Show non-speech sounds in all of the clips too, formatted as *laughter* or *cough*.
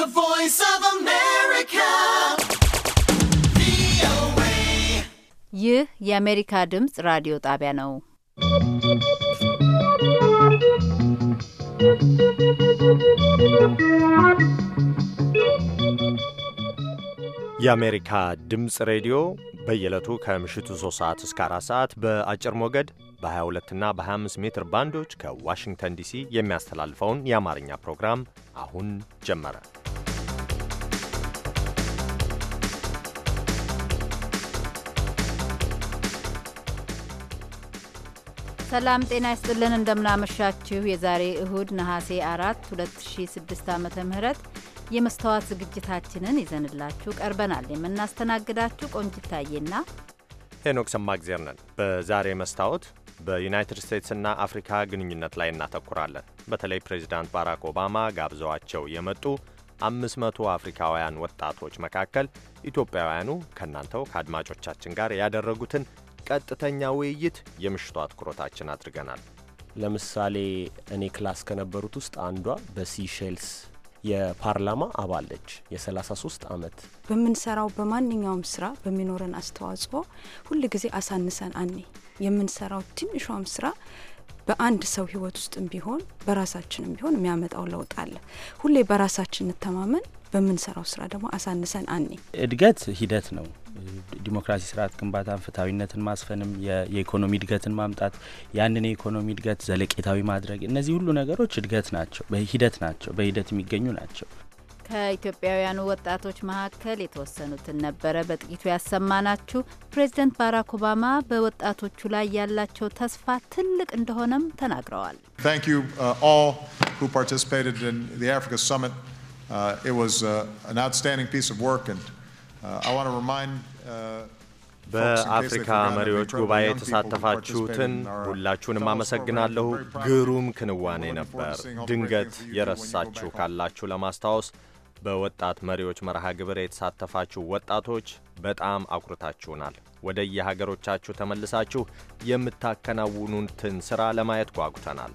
The voice of America. ይህ የአሜሪካ ድምፅ ራዲዮ ጣቢያ ነው። የአሜሪካ ድምፅ ሬዲዮ በየዕለቱ ከምሽቱ 3 ሰዓት እስከ 4 ሰዓት በአጭር ሞገድ በ22 እና በ25 ሜትር ባንዶች ከዋሽንግተን ዲሲ የሚያስተላልፈውን የአማርኛ ፕሮግራም አሁን ጀመረ። ሰላም ጤና ይስጥልን። እንደምናመሻችሁ የዛሬ እሁድ ነሐሴ አራት 2006 ዓ ም የመስተዋት ዝግጅታችንን ይዘንላችሁ ቀርበናል። የምናስተናግዳችሁ ቆንጅት ሄኖክ ሰማግዜር ነን። በዛሬ መስታወት በዩናይትድ ስቴትስና አፍሪካ ግንኙነት ላይ እናተኩራለን። በተለይ ፕሬዚዳንት ባራክ ኦባማ ጋብዘዋቸው የመጡ 500 አፍሪካውያን ወጣቶች መካከል ኢትዮጵያውያኑ ከእናንተው ከአድማጮቻችን ጋር ያደረጉትን ቀጥተኛ ውይይት የምሽቱ አትኩሮታችን አድርገናል። ለምሳሌ እኔ ክላስ ከነበሩት ውስጥ አንዷ በሲሼልስ የፓርላማ አባለች የ33 ዓመት በምንሰራው በማንኛውም ስራ በሚኖረን አስተዋጽኦ ሁል ጊዜ አሳንሰን አኔ የምንሰራው ትንሿም ስራ በአንድ ሰው ህይወት ውስጥም ቢሆን በራሳችንም ቢሆን የሚያመጣው ለውጥ አለ። ሁሌ በራሳችን እንተማመን፣ በምንሰራው ስራ ደግሞ አሳንሰን አኔ። እድገት ሂደት ነው። ዲሞክራሲ ስርዓት ግንባታን፣ ፍትሐዊነትን ማስፈንም፣ የኢኮኖሚ እድገትን ማምጣት፣ ያንን የኢኮኖሚ እድገት ዘለቄታዊ ማድረግ፣ እነዚህ ሁሉ ነገሮች እድገት ናቸው፣ በሂደት ናቸው፣ በሂደት የሚገኙ ናቸው። ከኢትዮጵያውያኑ ወጣቶች መካከል የተወሰኑትን ነበረ በጥቂቱ ያሰማናችሁ። ፕሬዚደንት ባራክ ኦባማ በወጣቶቹ ላይ ያላቸው ተስፋ ትልቅ እንደሆነም ተናግረዋል። በአፍሪካ መሪዎች ጉባኤ የተሳተፋችሁትን ሁላችሁንም አመሰግናለሁ። ግሩም ክንዋኔ ነበር። ድንገት የረሳችሁ ካላችሁ ለማስታወስ በወጣት መሪዎች መርሃ ግብር የተሳተፋችሁ ወጣቶች በጣም አኩርታችሁናል። ወደ የሀገሮቻችሁ ተመልሳችሁ የምታከናውኑትን ሥራ ለማየት ጓጉተናል።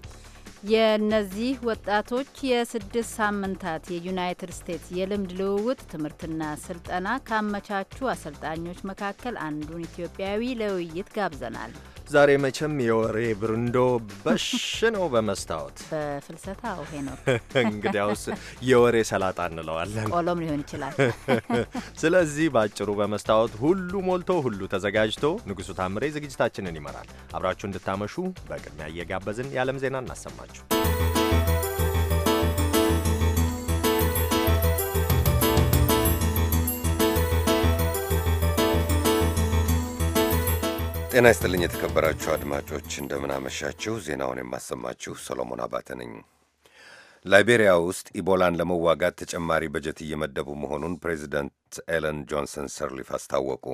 የእነዚህ ወጣቶች የስድስት ሳምንታት የዩናይትድ ስቴትስ የልምድ ልውውጥ ትምህርትና ስልጠና ካመቻቹ አሰልጣኞች መካከል አንዱን ኢትዮጵያዊ ለውይይት ጋብዘናል። ዛሬ መቼም የወሬ ብርንዶ በሽ ነው በመስታወት በፍልሰታ ውሄ ነው። *laughs* እንግዲያውስ የወሬ ሰላጣ እንለዋለን፣ ቆሎም ሊሆን ይችላል። *laughs* ስለዚህ በአጭሩ በመስታወት ሁሉ ሞልቶ ሁሉ ተዘጋጅቶ ንጉሱ ታምሬ ዝግጅታችንን ይመራል። አብራችሁ እንድታመሹ በቅድሚያ እየጋበዝን የዓለም ዜና እናሰማችሁ። ጤና ይስጥልኝ የተከበራችሁ አድማጮች እንደምናመሻችሁ። ዜናውን የማሰማችሁ ሰሎሞን አባተ ነኝ። ላይቤሪያ ውስጥ ኢቦላን ለመዋጋት ተጨማሪ በጀት እየመደቡ መሆኑን ፕሬዚደንት ኤለን ጆንሰን ሰርሊፍ አስታወቁ።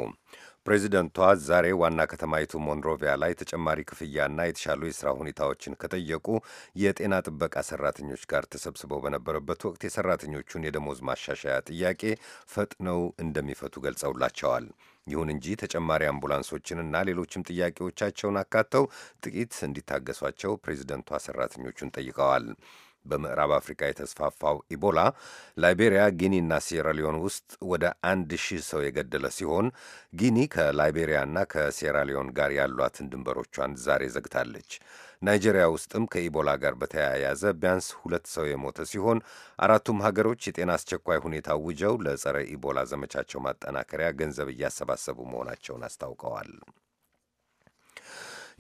ፕሬዚደንቷ ዛሬ ዋና ከተማይቱ ሞንሮቪያ ላይ ተጨማሪ ክፍያና የተሻሉ የሥራ ሁኔታዎችን ከጠየቁ የጤና ጥበቃ ሠራተኞች ጋር ተሰብስበው በነበረበት ወቅት የሠራተኞቹን የደሞዝ ማሻሻያ ጥያቄ ፈጥነው እንደሚፈቱ ገልጸውላቸዋል። ይሁን እንጂ ተጨማሪ አምቡላንሶችንና ሌሎችም ጥያቄዎቻቸውን አካተው ጥቂት እንዲታገሷቸው ፕሬዚደንቷ ሰራተኞቹን ጠይቀዋል። በምዕራብ አፍሪካ የተስፋፋው ኢቦላ ላይቤሪያ፣ ጊኒና ሴራሊዮን ውስጥ ወደ አንድ ሺህ ሰው የገደለ ሲሆን ጊኒ ከላይቤሪያና ከሴራሊዮን ጋር ያሏትን ድንበሮቿን ዛሬ ዘግታለች። ናይጄሪያ ውስጥም ከኢቦላ ጋር በተያያዘ ቢያንስ ሁለት ሰው የሞተ ሲሆን አራቱም ሀገሮች የጤና አስቸኳይ ሁኔታ ውጀው ለጸረ ኢቦላ ዘመቻቸው ማጠናከሪያ ገንዘብ እያሰባሰቡ መሆናቸውን አስታውቀዋል።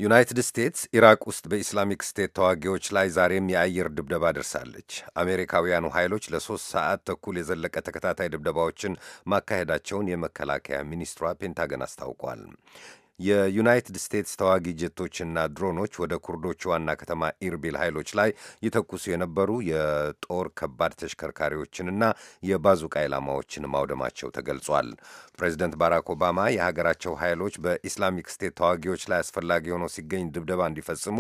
ዩናይትድ ስቴትስ ኢራቅ ውስጥ በኢስላሚክ ስቴት ተዋጊዎች ላይ ዛሬም የአየር ድብደባ ደርሳለች። አሜሪካውያኑ ኃይሎች ለሶስት ሰዓት ተኩል የዘለቀ ተከታታይ ድብደባዎችን ማካሄዳቸውን የመከላከያ ሚኒስትሯ ፔንታገን አስታውቋል። የዩናይትድ ስቴትስ ተዋጊ ጀቶችና ድሮኖች ወደ ኩርዶች ዋና ከተማ ኢርቢል ኃይሎች ላይ ይተኩሱ የነበሩ የጦር ከባድ ተሽከርካሪዎችንና የባዙቃ ኢላማዎችን ማውደማቸው ተገልጿል። ፕሬዚደንት ባራክ ኦባማ የሀገራቸው ኃይሎች በኢስላሚክ ስቴት ተዋጊዎች ላይ አስፈላጊ ሆኖ ሲገኝ ድብደባ እንዲፈጽሙ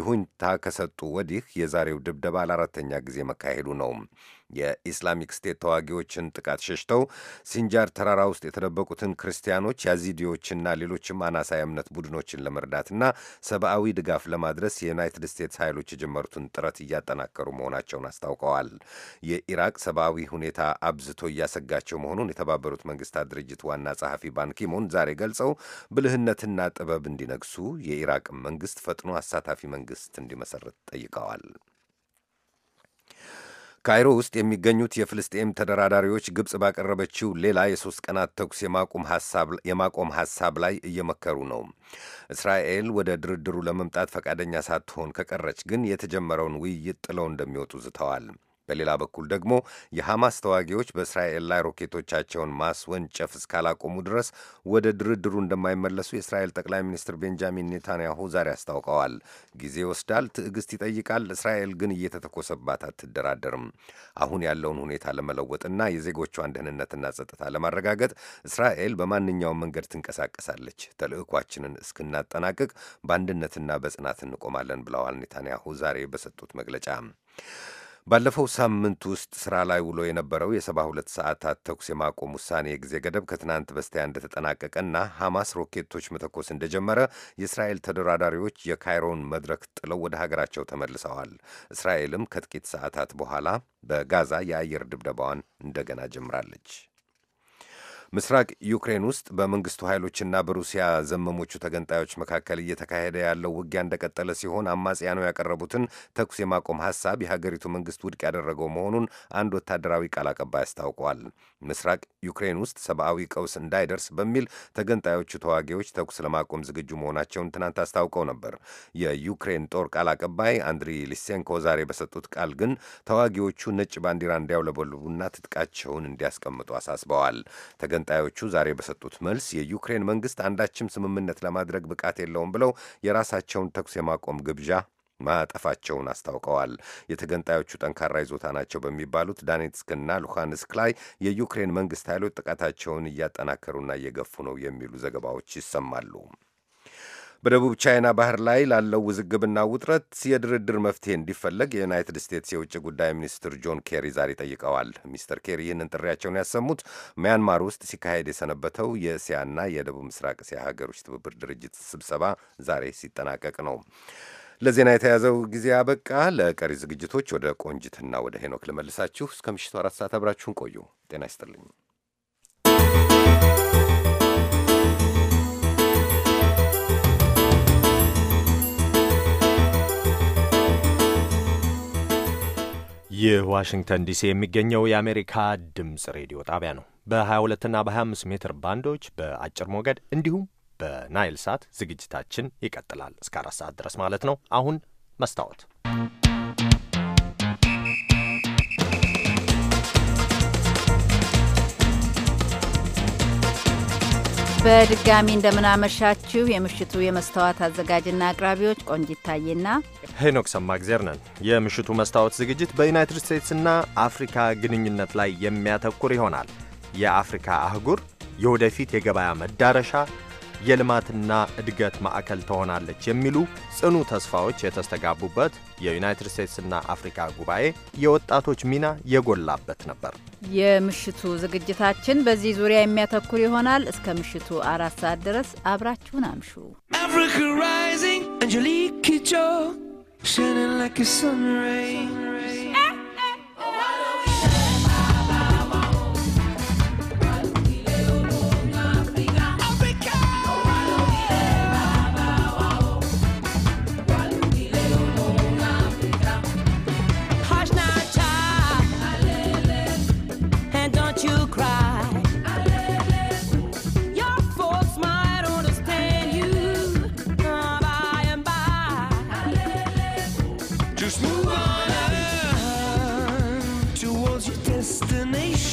ይሁንታ ከሰጡ ወዲህ የዛሬው ድብደባ ለአራተኛ ጊዜ መካሄዱ ነው። የኢስላሚክ ስቴት ተዋጊዎችን ጥቃት ሸሽተው ሲንጃር ተራራ ውስጥ የተደበቁትን ክርስቲያኖች፣ ያዚዲዎችና ሌሎችም አናሳ የእምነት ቡድኖችን ለመርዳትና ሰብአዊ ድጋፍ ለማድረስ የዩናይትድ ስቴትስ ኃይሎች የጀመሩትን ጥረት እያጠናከሩ መሆናቸውን አስታውቀዋል። የኢራቅ ሰብአዊ ሁኔታ አብዝቶ እያሰጋቸው መሆኑን የተባበሩት መንግስታት ድርጅት ዋና ጸሐፊ ባንኪሙን ዛሬ ገልጸው ብልህነትና ጥበብ እንዲነግሱ የኢራቅ መንግስት ፈጥኖ አሳታፊ መንግስት እንዲመሰረት ጠይቀዋል። ካይሮ ውስጥ የሚገኙት የፍልስጤም ተደራዳሪዎች ግብፅ ባቀረበችው ሌላ የሶስት ቀናት ተኩስ የማቆም ሐሳብ ላይ እየመከሩ ነው። እስራኤል ወደ ድርድሩ ለመምጣት ፈቃደኛ ሳትሆን ከቀረች ግን የተጀመረውን ውይይት ጥለው እንደሚወጡ ዝተዋል። በሌላ በኩል ደግሞ የሐማስ ተዋጊዎች በእስራኤል ላይ ሮኬቶቻቸውን ማስወንጨፍ እስካላቆሙ ድረስ ወደ ድርድሩ እንደማይመለሱ የእስራኤል ጠቅላይ ሚኒስትር ቤንጃሚን ኔታንያሁ ዛሬ አስታውቀዋል። ጊዜ ይወስዳል፣ ትዕግስት ይጠይቃል። እስራኤል ግን እየተተኮሰባት አትደራደርም። አሁን ያለውን ሁኔታ ለመለወጥና የዜጎቿን ደህንነትና ጸጥታ ለማረጋገጥ እስራኤል በማንኛውም መንገድ ትንቀሳቀሳለች። ተልዕኳችንን እስክናጠናቅቅ በአንድነትና በጽናት እንቆማለን ብለዋል ኔታንያሁ ዛሬ በሰጡት መግለጫ። ባለፈው ሳምንት ውስጥ ስራ ላይ ውሎ የነበረው የሰባ ሁለት ሰዓታት ተኩስ የማቆም ውሳኔ የጊዜ ገደብ ከትናንት በስቲያ እንደተጠናቀቀና ሐማስ ሮኬቶች መተኮስ እንደጀመረ የእስራኤል ተደራዳሪዎች የካይሮን መድረክ ጥለው ወደ ሀገራቸው ተመልሰዋል። እስራኤልም ከጥቂት ሰዓታት በኋላ በጋዛ የአየር ድብደባዋን እንደገና ጀምራለች። ምስራቅ ዩክሬን ውስጥ በመንግስቱ ኃይሎችና በሩሲያ ዘመሞቹ ተገንጣዮች መካከል እየተካሄደ ያለው ውጊያ እንደቀጠለ ሲሆን አማጽያኑ ያቀረቡትን ተኩስ የማቆም ሐሳብ የሀገሪቱ መንግስት ውድቅ ያደረገው መሆኑን አንድ ወታደራዊ ቃል አቀባይ አስታውቋል። ምስራቅ ዩክሬን ውስጥ ሰብአዊ ቀውስ እንዳይደርስ በሚል ተገንጣዮቹ ተዋጊዎች ተኩስ ለማቆም ዝግጁ መሆናቸውን ትናንት አስታውቀው ነበር። የዩክሬን ጦር ቃል አቀባይ አንድሪ ሊሴንኮ ዛሬ በሰጡት ቃል ግን ተዋጊዎቹ ነጭ ባንዲራ እንዲያውለበልቡና ትጥቃቸውን እንዲያስቀምጡ አሳስበዋል። ተገንጣዮቹ ዛሬ በሰጡት መልስ የዩክሬን መንግስት አንዳችም ስምምነት ለማድረግ ብቃት የለውም ብለው የራሳቸውን ተኩስ የማቆም ግብዣ ማጠፋቸውን አስታውቀዋል። የተገንጣዮቹ ጠንካራ ይዞታ ናቸው በሚባሉት ዳኔትስክና ሉሃንስክ ላይ የዩክሬን መንግስት ኃይሎች ጥቃታቸውን እያጠናከሩና እየገፉ ነው የሚሉ ዘገባዎች ይሰማሉ። በደቡብ ቻይና ባህር ላይ ላለው ውዝግብና ውጥረት የድርድር መፍትሄ እንዲፈለግ የዩናይትድ ስቴትስ የውጭ ጉዳይ ሚኒስትር ጆን ኬሪ ዛሬ ጠይቀዋል። ሚስተር ኬሪ ይህንን ጥሪያቸውን ያሰሙት ሚያንማር ውስጥ ሲካሄድ የሰነበተው የእስያና የደቡብ ምስራቅ እስያ ሀገሮች ትብብር ድርጅት ስብሰባ ዛሬ ሲጠናቀቅ ነው። ለዜና የተያዘው ጊዜ አበቃ። ለቀሪ ዝግጅቶች ወደ ቆንጅትና ወደ ሄኖክ ልመልሳችሁ። እስከ ምሽቱ አራት ሰዓት አብራችሁን ቆዩ። ጤና ይስጥልኝ። ይህ ዋሽንግተን ዲሲ የሚገኘው የአሜሪካ ድምፅ ሬዲዮ ጣቢያ ነው። በ22 እና በ25 ሜትር ባንዶች በአጭር ሞገድ እንዲሁም በናይል ሳት ዝግጅታችን ይቀጥላል እስከ አራት ሰዓት ድረስ ማለት ነው። አሁን መስታወት በድጋሚ እንደምናመሻችሁ የምሽቱ የመስታወት አዘጋጅና አቅራቢዎች ቆንጅ ታዬና ሄኖክ ሰማግዜር ነን። የምሽቱ መስታወት ዝግጅት በዩናይትድ ስቴትስና አፍሪካ ግንኙነት ላይ የሚያተኩር ይሆናል። የአፍሪካ አህጉር የወደፊት የገበያ መዳረሻ የልማትና እድገት ማዕከል ትሆናለች የሚሉ ጽኑ ተስፋዎች የተስተጋቡበት የዩናይትድ ስቴትስና አፍሪካ ጉባኤ የወጣቶች ሚና የጎላበት ነበር። የምሽቱ ዝግጅታችን በዚህ ዙሪያ የሚያተኩር ይሆናል። እስከ ምሽቱ አራት ሰዓት ድረስ አብራችሁን አምሹ።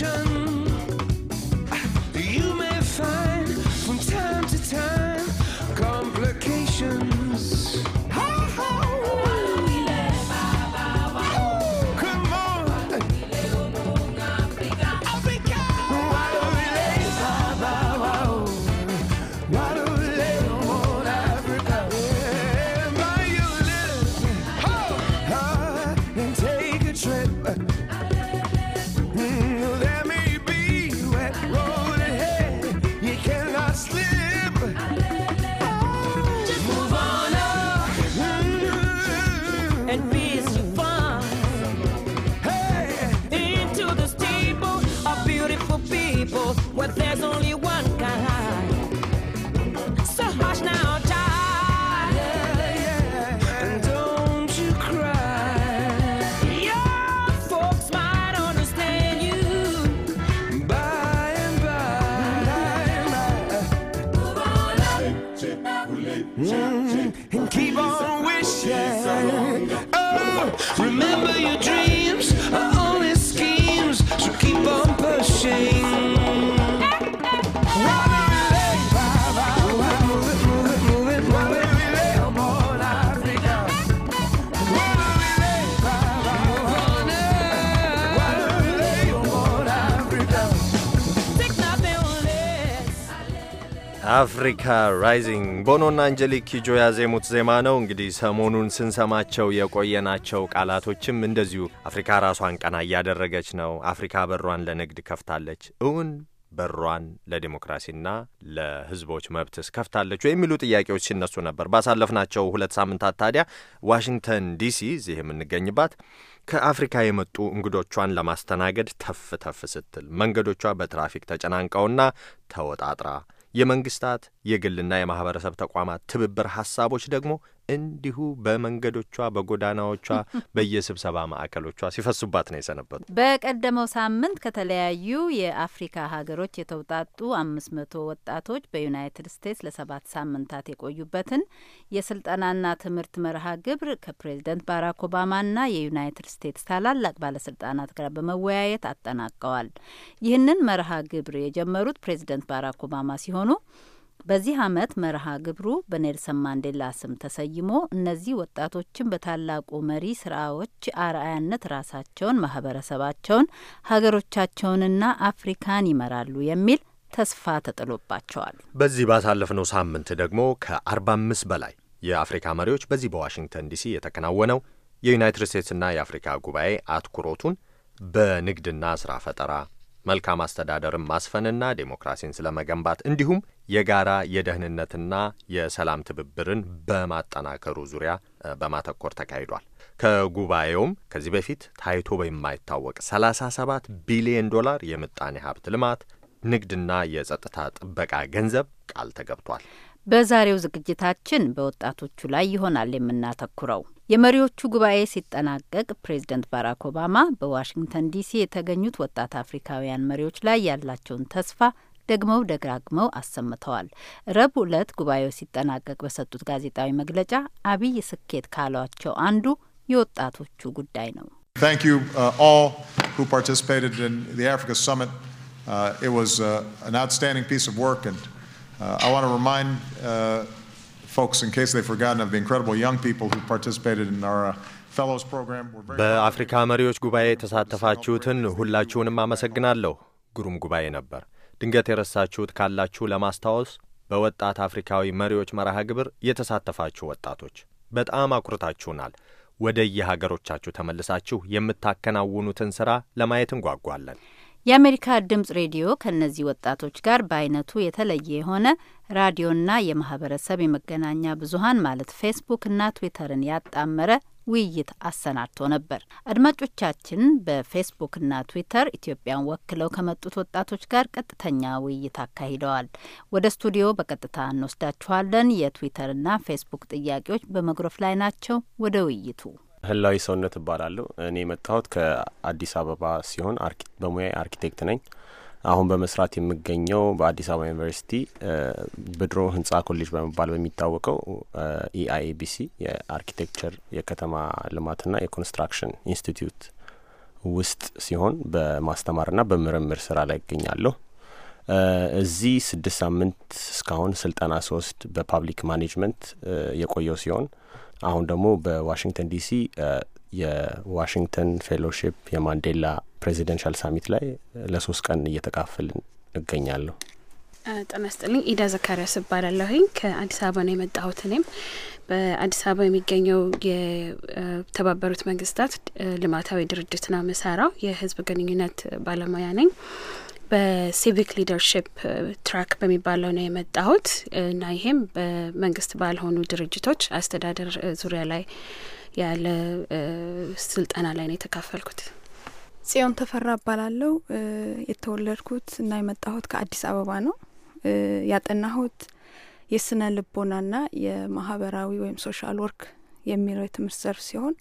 ocean. You may find from time to time complications. አፍሪካ ራይዚንግ ቦኖና አንጀሊክ ኪጆ ያዜሙት ዜማ ነው። እንግዲህ ሰሞኑን ስንሰማቸው የቆየናቸው ቃላቶችም እንደዚሁ አፍሪካ ራሷን ቀና እያደረገች ነው። አፍሪካ በሯን ለንግድ ከፍታለች፣ እውን በሯን ለዲሞክራሲና ለሕዝቦች መብትስ ከፍታለች የሚሉ ጥያቄዎች ሲነሱ ነበር። ባሳለፍናቸው ሁለት ሳምንታት ታዲያ ዋሽንግተን ዲሲ እዚህ የምንገኝባት ከአፍሪካ የመጡ እንግዶቿን ለማስተናገድ ተፍ ተፍ ስትል መንገዶቿ በትራፊክ ተጨናንቀውና ተወጣጥራ የመንግስታት የግልና የማህበረሰብ ተቋማት ትብብር ሐሳቦች ደግሞ እንዲሁ በመንገዶቿ፣ በጎዳናዎቿ፣ *laughs* በየስብሰባ ማዕከሎቿ ሲፈሱባት ነው የሰነበቱ። በቀደመው ሳምንት ከተለያዩ የአፍሪካ ሀገሮች የተውጣጡ አምስት መቶ ወጣቶች በዩናይትድ ስቴትስ ለሰባት ሳምንታት የቆዩበትን የስልጠናና ትምህርት መርሃ ግብር ከፕሬዝደንት ባራክ ኦባማና የዩናይትድ ስቴትስ ታላላቅ ባለስልጣናት ጋር በመወያየት አጠናቀዋል። ይህንን መርሃ ግብር የጀመሩት ፕሬዝደንት ባራክ ኦባማ ሲሆኑ በዚህ አመት መርሃ ግብሩ በኔልሰን ማንዴላ ስም ተሰይሞ እነዚህ ወጣቶችን በታላቁ መሪ ስራዎች አርአያነት ራሳቸውን፣ ማህበረሰባቸውን፣ ሀገሮቻቸውንና አፍሪካን ይመራሉ የሚል ተስፋ ተጥሎባቸዋል። በዚህ ባሳለፍነው ሳምንት ደግሞ ከ45 በላይ የአፍሪካ መሪዎች በዚህ በዋሽንግተን ዲሲ የተከናወነው የዩናይትድ ስቴትስና የአፍሪካ ጉባኤ አትኩሮቱን በንግድና ስራ ፈጠራ መልካም አስተዳደርን ማስፈንና ዴሞክራሲን ስለመገንባት እንዲሁም የጋራ የደህንነትና የሰላም ትብብርን በማጠናከሩ ዙሪያ በማተኮር ተካሂዷል። ከጉባኤውም ከዚህ በፊት ታይቶ በማይታወቅ 37 ቢሊዮን ዶላር የምጣኔ ሀብት ልማት ንግድና የጸጥታ ጥበቃ ገንዘብ ቃል ተገብቷል። በዛሬው ዝግጅታችን በወጣቶቹ ላይ ይሆናል የምናተኩረው። የመሪዎቹ ጉባኤ ሲጠናቀቅ ፕሬዝደንት ባራክ ኦባማ በዋሽንግተን ዲሲ የተገኙት ወጣት አፍሪካውያን መሪዎች ላይ ያላቸውን ተስፋ ደግመው ደጋግመው አሰምተዋል። ረቡዕ ዕለት ጉባኤው ሲጠናቀቅ በሰጡት ጋዜጣዊ መግለጫ አብይ ስኬት ካሏቸው አንዱ የወጣቶቹ ጉዳይ ነው። በአፍሪካ መሪዎች ጉባኤ የተሳተፋችሁትን ሁላችሁንም አመሰግናለሁ። ግሩም ጉባኤ ነበር። ድንገት የረሳችሁት ካላችሁ ለማስታወስ በወጣት አፍሪካዊ መሪዎች መርሃ ግብር የተሳተፋችሁ ወጣቶች በጣም አኩርታችሁናል። ወደ የሀገሮቻችሁ ተመልሳችሁ የምታከናውኑትን ስራ ለማየት እንጓጓለን። የአሜሪካ ድምጽ ሬዲዮ ከእነዚህ ወጣቶች ጋር በአይነቱ የተለየ የሆነ ራዲዮና የማህበረሰብ የመገናኛ ብዙሀን ማለት ፌስቡክ እና ትዊተርን ያጣመረ ውይይት አሰናድቶ ነበር። አድማጮቻችን በፌስቡክና ትዊተር ኢትዮጵያን ወክለው ከመጡት ወጣቶች ጋር ቀጥተኛ ውይይት አካሂደዋል። ወደ ስቱዲዮ በቀጥታ እንወስዳችኋለን። የትዊተርና ፌስቡክ ጥያቄዎች በመጉረፍ ላይ ናቸው። ወደ ውይይቱ ህላዊ ሰውነት እባላለሁ። እኔ የመጣሁት ከአዲስ አበባ ሲሆን በሙያ አርኪቴክት ነኝ። አሁን በመስራት የምገኘው በአዲስ አበባ ዩኒቨርሲቲ ብድሮ ህንጻ ኮሌጅ በመባል በሚታወቀው ኢአይኤቢሲ e የአርኪቴክቸር የከተማ ልማትና የኮንስትራክሽን ኢንስቲትዩት ውስጥ ሲሆን በማስተማርና በምርምር ስራ ላይ ይገኛለሁ። እዚህ ስድስት ሳምንት እስካሁን ስልጠና ሶስት በፓብሊክ ማኔጅመንት የቆየው ሲሆን አሁን ደግሞ በዋሽንግተን ዲሲ የዋሽንግተን ፌሎሺፕ የማንዴላ ፕሬዚደንሻል ሳሚት ላይ ለሶስት ቀን እየተካፈልን እገኛለሁ። ጤና ኢዳ ዘካሪያስ እባላለሁኝ ከአዲስ አበባ ነው የመጣሁት። እኔም በአዲስ አበባ የሚገኘው የተባበሩት መንግስታት ልማታዊ ድርጅት ነው መሰራው የህዝብ ግንኙነት ባለሙያ ነኝ። በሲቪክ ሊደርሽፕ ትራክ በሚባለው ነው የመጣሁት እና ይሄም በመንግስት ባልሆኑ ድርጅቶች አስተዳደር ዙሪያ ላይ ያለ ስልጠና ላይ ነው የተካፈልኩት። ጽዮን ተፈራ እባላለሁ። የተወለድኩት እና የመጣሁት ከአዲስ አበባ ነው። ያጠናሁት የስነ ልቦናና የማህበራዊ ወይም ሶሻል ወርክ የሚለው የትምህርት ዘርፍ ሲሆን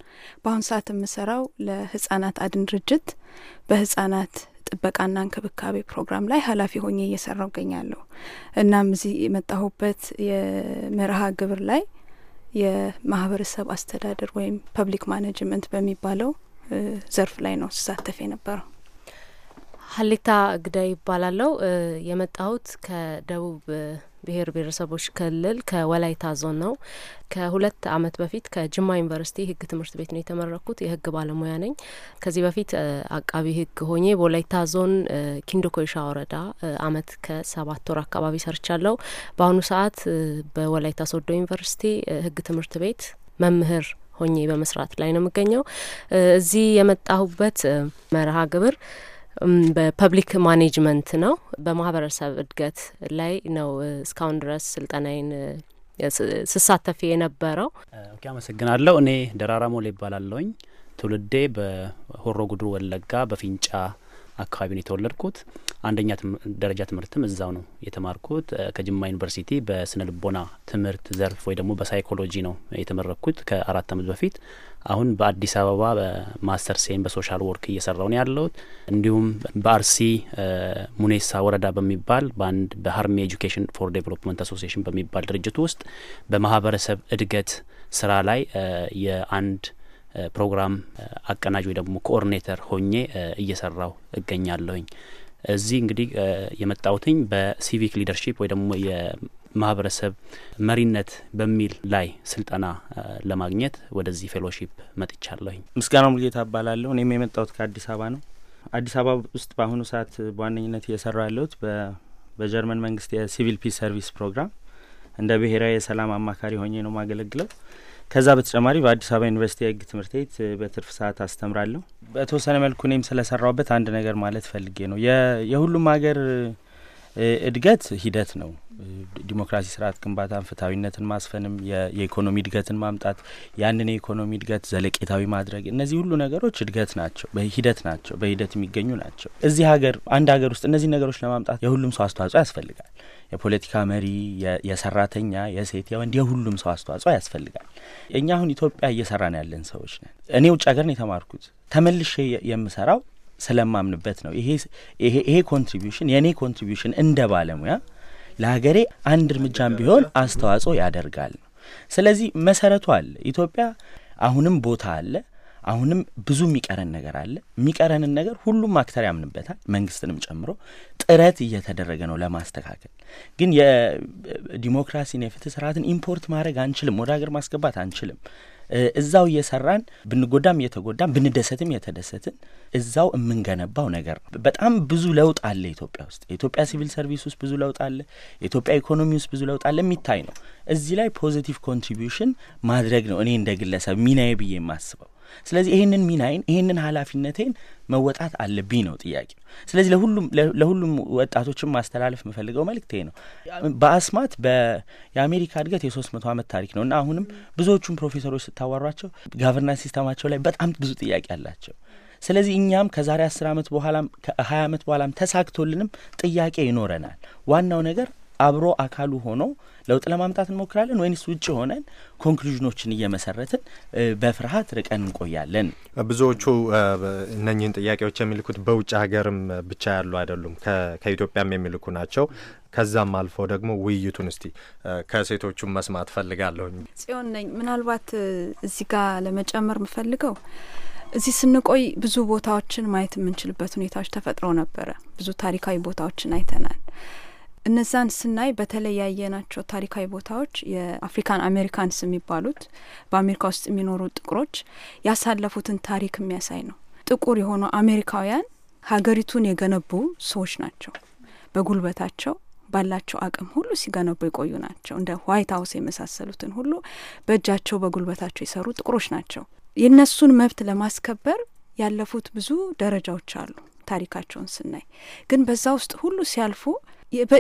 በአሁን ሰዓት የምሰራው ለህጻናት አድን ድርጅት በህጻናት ጥበቃና እንክብካቤ ፕሮግራም ላይ ኃላፊ ሆኜ እየሰራው እገኛለሁ። እናም እዚህ የመጣሁበት የመርሃ ግብር ላይ የማህበረሰብ አስተዳደር ወይም ፐብሊክ ማኔጅመንት በሚባለው ዘርፍ ላይ ነው ስሳተፍ የነበረው። ሀሌታ ግዳይ ይባላለው። የመጣሁት ከደቡብ ብሔር ብሔረሰቦች ክልል ከወላይታ ዞን ነው። ከሁለት አመት በፊት ከጅማ ዩኒቨርሲቲ ህግ ትምህርት ቤት ነው የተመረኩት። የህግ ባለሙያ ነኝ። ከዚህ በፊት አቃቢ ህግ ሆኜ በወላይታ ዞን ኪንዶ ኮይሻ ወረዳ አመት ከሰባት ወር አካባቢ ሰርቻለሁ። በአሁኑ ሰዓት በወላይታ ሶዶ ዩኒቨርሲቲ ህግ ትምህርት ቤት መምህር ሆኜ በመስራት ላይ ነው የምገኘው። እዚህ የመጣሁበት መርሃ ግብር በፐብሊክ ማኔጅመንት ነው። በማህበረሰብ እድገት ላይ ነው እስካሁን ድረስ ስልጠናዬን ስሳተፍ የነበረው። ኦኬ፣ አመሰግናለሁ። እኔ ደራራ ሞላ ትውልዴ በሆሮ ጉድሩ ወለጋ በፊንጫ አካባቢ ነው የተወለድኩት። አንደኛ ደረጃ ትምህርትም እዛው ነው የተማርኩት። ከጅማ ዩኒቨርሲቲ በስነ ልቦና ትምህርት ዘርፍ ወይ ደግሞ በሳይኮሎጂ ነው የተመረኩት ከአራት አመት በፊት አሁን በአዲስ አበባ በማስተር ሴን በሶሻል ወርክ እየሰራው ነው ያለሁት። እንዲሁም በአርሲ ሙኔሳ ወረዳ በሚባል በአንድ በሀርሚ ኤጁኬሽን ፎር ዴቨሎፕመንት አሶሲሽን በሚባል ድርጅት ውስጥ በማህበረሰብ እድገት ስራ ላይ የአንድ ፕሮግራም አቀናጅ ወይ ደግሞ ኮኦርዲኔተር ሆኜ እየሰራው እገኛለሁኝ። እዚህ እንግዲህ የመጣውትኝ በሲቪክ ሊደርሺፕ ወይ ደግሞ ማህበረሰብ መሪነት በሚል ላይ ስልጠና ለማግኘት ወደዚህ ፌሎሺፕ መጥቻለሁኝ። ምስጋና ሙልጌታ እባላለሁ። እኔም የመጣሁት ከአዲስ አበባ ነው። አዲስ አበባ ውስጥ በአሁኑ ሰዓት በዋነኝነት እየሰራ ያለሁት በጀርመን መንግስት የሲቪል ፒስ ሰርቪስ ፕሮግራም እንደ ብሔራዊ የሰላም አማካሪ ሆኜ ነው ማገለግለው። ከዛ በተጨማሪ በአዲስ አበባ ዩኒቨርሲቲ የህግ ትምህርት ቤት በትርፍ ሰዓት አስተምራለሁ። በተወሰነ መልኩ እኔም ስለሰራውበት አንድ ነገር ማለት ፈልጌ ነው የሁሉም ሀገር እድገት ሂደት ነው። ዲሞክራሲ ስርዓት ግንባታን፣ ፍትሐዊነትን ማስፈንም፣ የኢኮኖሚ እድገትን ማምጣት፣ ያንን የኢኮኖሚ እድገት ዘለቄታዊ ማድረግ፣ እነዚህ ሁሉ ነገሮች እድገት ናቸው፣ በሂደት ናቸው፣ በሂደት የሚገኙ ናቸው። እዚህ ሀገር አንድ ሀገር ውስጥ እነዚህ ነገሮች ለማምጣት የሁሉም ሰው አስተዋጽኦ ያስፈልጋል። የፖለቲካ መሪ፣ የሰራተኛ፣ የሴት፣ የወንድ፣ የሁሉም ሰው አስተዋጽኦ ያስፈልጋል። እኛ አሁን ኢትዮጵያ እየሰራን ያለን ሰዎች ነን። እኔ ውጭ ሀገር ነው የተማርኩት ተመልሼ የምሰራው ስለማምንበት ነው። ይሄ ኮንትሪቢሽን የእኔ ኮንትሪቢሽን እንደ ባለሙያ ለሀገሬ አንድ እርምጃም ቢሆን አስተዋጽኦ ያደርጋል ነው። ስለዚህ መሰረቱ አለ። ኢትዮጵያ አሁንም ቦታ አለ። አሁንም ብዙ የሚቀረን ነገር አለ። የሚቀረንን ነገር ሁሉም አክተር ያምንበታል፣ መንግስትንም ጨምሮ ጥረት እየተደረገ ነው ለማስተካከል። ግን የዲሞክራሲን የፍትህ ስርዓትን ኢምፖርት ማድረግ አንችልም፣ ወደ ሀገር ማስገባት አንችልም። እዛው እየሰራን ብንጎዳም እየተጎዳም ብንደሰትም የተደሰትን እዛው የምንገነባው ነገር ነው። በጣም ብዙ ለውጥ አለ ኢትዮጵያ ውስጥ። የኢትዮጵያ ሲቪል ሰርቪስ ውስጥ ብዙ ለውጥ አለ። የኢትዮጵያ ኢኮኖሚ ውስጥ ብዙ ለውጥ አለ፣ የሚታይ ነው። እዚህ ላይ ፖዚቲቭ ኮንትሪቢሽን ማድረግ ነው እኔ እንደ ግለሰብ ሚናዬ ብዬ የማስበው። ስለዚህ ይሄንን ሚናይን ይሄንን ኃላፊነቴን መወጣት አለብኝ ነው ጥያቄው። ስለዚህ ለሁሉም ለሁሉም ወጣቶችን ማስተላለፍ የምፈልገው መልክቴ ነው። በአስማት የአሜሪካ እድገት የሶስት መቶ ዓመት ታሪክ ነው እና አሁንም ብዙዎቹን ፕሮፌሰሮች ስታዋሯቸው ጋቨርናንስ ሲስተማቸው ላይ በጣም ብዙ ጥያቄ አላቸው። ስለዚህ እኛም ከዛሬ አስር አመት በኋላም ከሀያ ዓመት በኋላም ተሳክቶልንም ጥያቄ ይኖረናል። ዋናው ነገር አብሮ አካሉ ሆኖ ለውጥ ለማምጣት እንሞክራለን ወይንስ ውጭ ሆነን ኮንክሉዥኖችን እየመሰረትን በፍርሃት ርቀን እንቆያለን? ብዙዎቹ እነኚህን ጥያቄዎች የሚልኩት በውጭ ሀገርም ብቻ ያሉ አይደሉም፣ ከኢትዮጵያም የሚልኩ ናቸው። ከዛም አልፎ ደግሞ ውይይቱን እስቲ ከሴቶቹም መስማት ፈልጋለሁኝ። ጽዮን ነኝ። ምናልባት እዚህ ጋር ለመጨመር ምፈልገው እዚህ ስንቆይ ብዙ ቦታዎችን ማየት የምንችልበት ሁኔታዎች ተፈጥረው ነበረ። ብዙ ታሪካዊ ቦታዎችን አይተናል። እነዛን ስናይ በተለያየ ናቸው ታሪካዊ ቦታዎች የአፍሪካን አሜሪካንስ የሚባሉት በአሜሪካ ውስጥ የሚኖሩ ጥቁሮች ያሳለፉትን ታሪክ የሚያሳይ ነው። ጥቁር የሆኑ አሜሪካውያን ሀገሪቱን የገነቡ ሰዎች ናቸው። በጉልበታቸው ባላቸው አቅም ሁሉ ሲገነቡ የቆዩ ናቸው። እንደ ዋይት ሀውስ የመሳሰሉትን ሁሉ በእጃቸው በጉልበታቸው የሰሩ ጥቁሮች ናቸው። የእነሱን መብት ለማስከበር ያለፉት ብዙ ደረጃዎች አሉ። ታሪካቸውን ስናይ ግን በዛ ውስጥ ሁሉ ሲያልፉ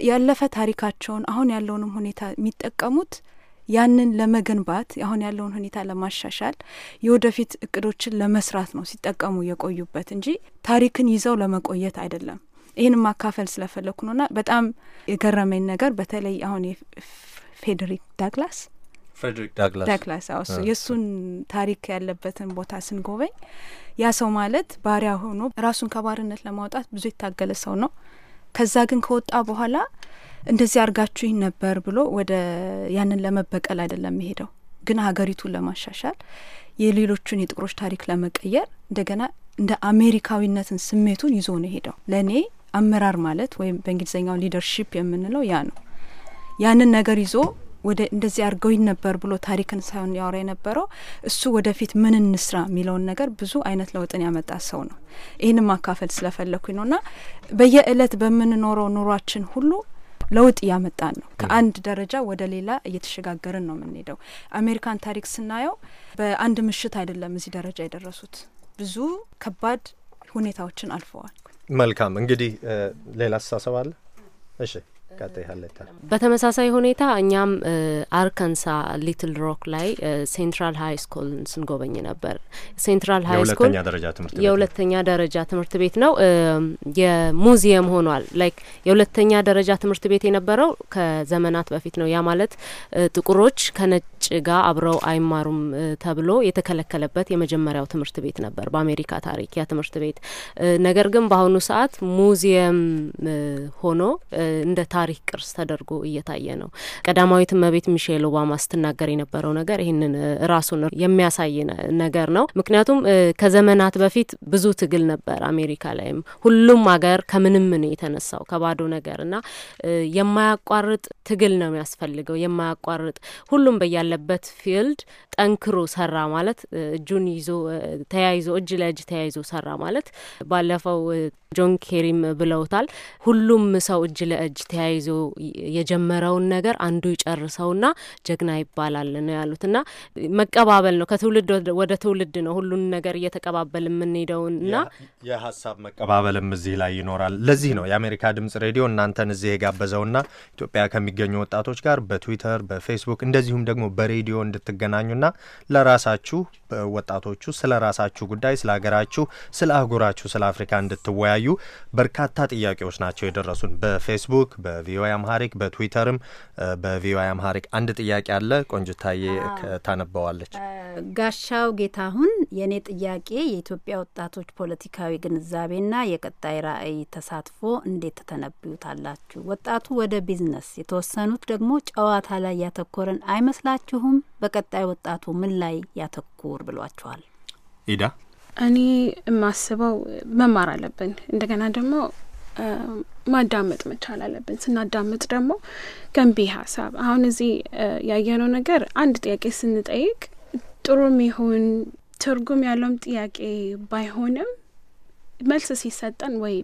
ያለፈ ታሪካቸውን አሁን ያለውንም ሁኔታ የሚጠቀሙት ያንን ለመገንባት አሁን ያለውን ሁኔታ ለማሻሻል የወደፊት እቅዶችን ለመስራት ነው ሲጠቀሙ የቆዩበት እንጂ ታሪክን ይዘው ለመቆየት አይደለም። ይህን ማካፈል ስለፈለኩ ነውና በጣም የገረመኝ ነገር በተለይ አሁን የፌዴሪክ ዳግላስ ፍሬድሪክ ዳግላስ ዳግላስ የእሱን ታሪክ ያለበትን ቦታ ስንጎበኝ ያ ሰው ማለት ባሪያ ሆኖ ራሱን ከባርነት ለማውጣት ብዙ የታገለ ሰው ነው። ከዛ ግን ከወጣ በኋላ እንደዚህ አርጋችሁኝ ነበር ብሎ ወደ ያንን ለመበቀል አይደለም የሄደው፣ ግን ሀገሪቱን ለማሻሻል የሌሎቹን የጥቁሮች ታሪክ ለመቀየር እንደገና እንደ አሜሪካዊነትን ስሜቱን ይዞ ነው የሄደው። ለእኔ አመራር ማለት ወይም በእንግሊዝኛው ሊደርሺፕ የምንለው ያ ነው። ያንን ነገር ይዞ ወደ እንደዚህ አድርገውኝ ነበር ብሎ ታሪክን ሳይሆን ያወራ የነበረው እሱ ወደፊት ምን እንስራ የሚለውን ነገር ብዙ አይነት ለውጥን ያመጣ ሰው ነው። ይህን ማካፈል ስለፈለኩኝ ነው። ና በየእለት በምንኖረው ኑሯችን ሁሉ ለውጥ እያመጣን ነው። ከአንድ ደረጃ ወደ ሌላ እየተሸጋገርን ነው የምንሄደው። አሜሪካን ታሪክ ስናየው በአንድ ምሽት አይደለም እዚህ ደረጃ የደረሱት። ብዙ ከባድ ሁኔታዎችን አልፈዋል። መልካም እንግዲህ ሌላ አስተሳሰብ አለ። እሺ በተመሳሳይ ሁኔታ እኛም አርካንሳ ሊትል ሮክ ላይ ሴንትራል ሀይ ስኩል ስንጎበኝ ነበር። ሴንትራል ሀይ ስኩል የሁለተኛ ደረጃ ትምህርት ቤት ነው፣ የሙዚየም ሆኗል። ላይክ የሁለተኛ ደረጃ ትምህርት ቤት የነበረው ከዘመናት በፊት ነው። ያ ማለት ጥቁሮች ከነጭ ጋር አብረው አይማሩም ተብሎ የተከለከለበት የመጀመሪያው ትምህርት ቤት ነበር በአሜሪካ ታሪክ ያ ትምህርት ቤት። ነገር ግን በአሁኑ ሰዓት ሙዚየም ሆኖ እንደ የታሪክ ቅርስ ተደርጎ እየታየ ነው። ቀዳማዊት እመቤት ሚሼል ኦባማ ስትናገር የነበረው ነገር ይህንን ራሱን የሚያሳይ ነገር ነው። ምክንያቱም ከዘመናት በፊት ብዙ ትግል ነበር አሜሪካ ላይም ሁሉም ሀገር ከምንም ነው የተነሳው ከባዶ ነገር እና የማያቋርጥ ትግል ነው የሚያስፈልገው የማያቋርጥ ሁሉም በያለበት ፊልድ ጠንክሮ ሰራ ማለት እጁን ይዞ ተያይዞ እጅ ለእጅ ተያይዞ ሰራ ማለት ባለፈው ጆን ኬሪም ብለውታል። ሁሉም ሰው እጅ ለእጅ ተያይ ተያይዞ የጀመረውን ነገር አንዱ ይጨርሰውና ጀግና ይባላል ነው ያሉት። እና መቀባበል ነው ከትውልድ ወደ ትውልድ ነው ሁሉን ነገር እየተቀባበል የምንሄደውና የሀሳብ መቀባበልም እዚህ ላይ ይኖራል። ለዚህ ነው የአሜሪካ ድምጽ ሬዲዮ እናንተን እዚህ የጋበዘውና ኢትዮጵያ ከሚገኙ ወጣቶች ጋር በትዊተር በፌስቡክ እንደዚሁም ደግሞ በሬዲዮ እንድትገናኙና ለራሳችሁ ወጣቶቹ ስለ ራሳችሁ ጉዳይ ስለ ሀገራችሁ፣ ስለ አህጉራችሁ፣ ስለ አፍሪካ እንድትወያዩ በርካታ ጥያቄዎች ናቸው የደረሱን በፌስቡክ ቪኦኤ አምሃሪክ በትዊተርም በቪኦኤ አምሃሪክ አንድ ጥያቄ አለ። ቆንጅታዬ ታነበዋለች። ጋሻው ጌታሁን የእኔ ጥያቄ የኢትዮጵያ ወጣቶች ፖለቲካዊ ግንዛቤና የቀጣይ ራዕይ ተሳትፎ እንዴት ተተነብዩታላችሁ? ወጣቱ ወደ ቢዝነስ የተወሰኑት ደግሞ ጨዋታ ላይ ያተኮረን አይመስላችሁም? በቀጣይ ወጣቱ ምን ላይ ያተኩር ብሏችኋል? ኢዳ እኔ የማስበው መማር አለብን። እንደገና ደግሞ ማዳመጥ መቻል አለብን። ስናዳምጥ ደግሞ ገንቢ ሀሳብ አሁን እዚህ ያየነው ነገር አንድ ጥያቄ ስንጠይቅ ጥሩም ይሁን ትርጉም ያለውም ጥያቄ ባይሆንም መልስ ሲሰጠን ወይ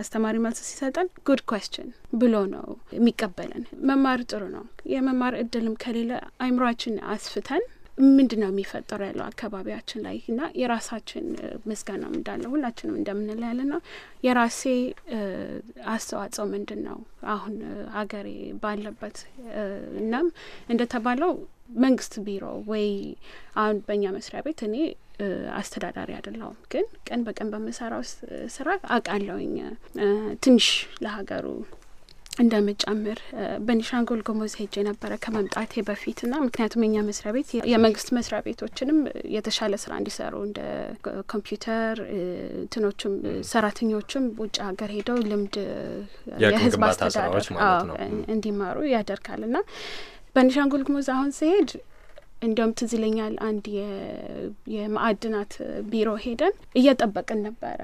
አስተማሪ መልስ ሲሰጠን ጉድ ኮስችን ብሎ ነው የሚቀበለን። መማር ጥሩ ነው። የመማር እድልም ከሌለ አይምሯችን አስፍተን ምንድን ነው የሚፈጠረው ያለው አካባቢያችን ላይ እና የራሳችን ምስጋና እንዳለ ሁላችንም እንደምንለ ያለ ነው። የራሴ አስተዋጽኦ ምንድን ነው አሁን ሀገሬ ባለበት እናም እንደተባለው መንግስት ቢሮ ወይ አሁን በእኛ መስሪያ ቤት እኔ አስተዳዳሪ አይደለሁም፣ ግን ቀን በቀን በምሰራው ስራ አውቃለሁኝ ትንሽ ለሀገሩ እንደምጨምር በኒሻንጉል ጉሙዝ ሄጄ ነበረ ከመምጣቴ በፊት ና ምክንያቱም የኛ መስሪያ ቤት የመንግስት መስሪያ ቤቶችንም የተሻለ ስራ እንዲሰሩ እንደ ኮምፒውተር ትኖችም ሰራተኞችም ውጭ ሀገር ሄደው ልምድ የህዝብ አስተዳደር እንዲማሩ ያደርጋል ና በኒሻንጉል ጉሙዝ አሁን ሲሄድ እንዲሁም ትዝለኛል አንድ የማዕድናት ቢሮ ሄደን እየጠበቅን ነበረ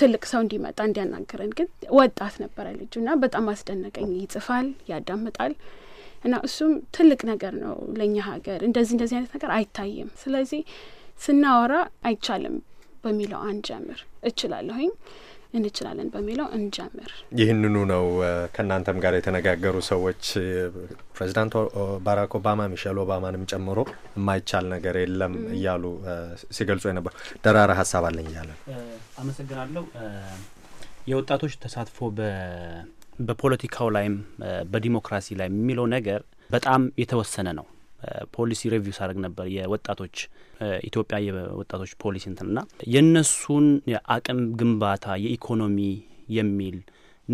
ትልቅ ሰው እንዲመጣ እንዲያናገረን። ግን ወጣት ነበረ ልጁ እና በጣም አስደነቀኝ። ይጽፋል፣ ያዳምጣል እና እሱም ትልቅ ነገር ነው ለእኛ ሀገር እንደዚህ እንደዚህ አይነት ነገር አይታይም። ስለዚህ ስናወራ አይቻልም በሚለው ጀምር እችላለሁኝ እንችላለን በሚለው እንጀምር። ይህንኑ ነው ከእናንተም ጋር የተነጋገሩ ሰዎች ፕሬዚዳንት ባራክ ኦባማ ሚሼል ኦባማንም ጨምሮ የማይቻል ነገር የለም እያሉ ሲገልጹ የነበሩ ደራራ ሀሳብ አለኝ እያለ አመሰግናለሁ። የወጣቶች ተሳትፎ በፖለቲካው ላይም በዲሞክራሲ ላይ የሚለው ነገር በጣም የተወሰነ ነው። ፖሊሲ ሬቪው ሳደርግ ነበር የወጣቶች ኢትዮጵያ የወጣቶች ፖሊሲ እንትንና የእነሱን የአቅም ግንባታ የኢኮኖሚ የሚል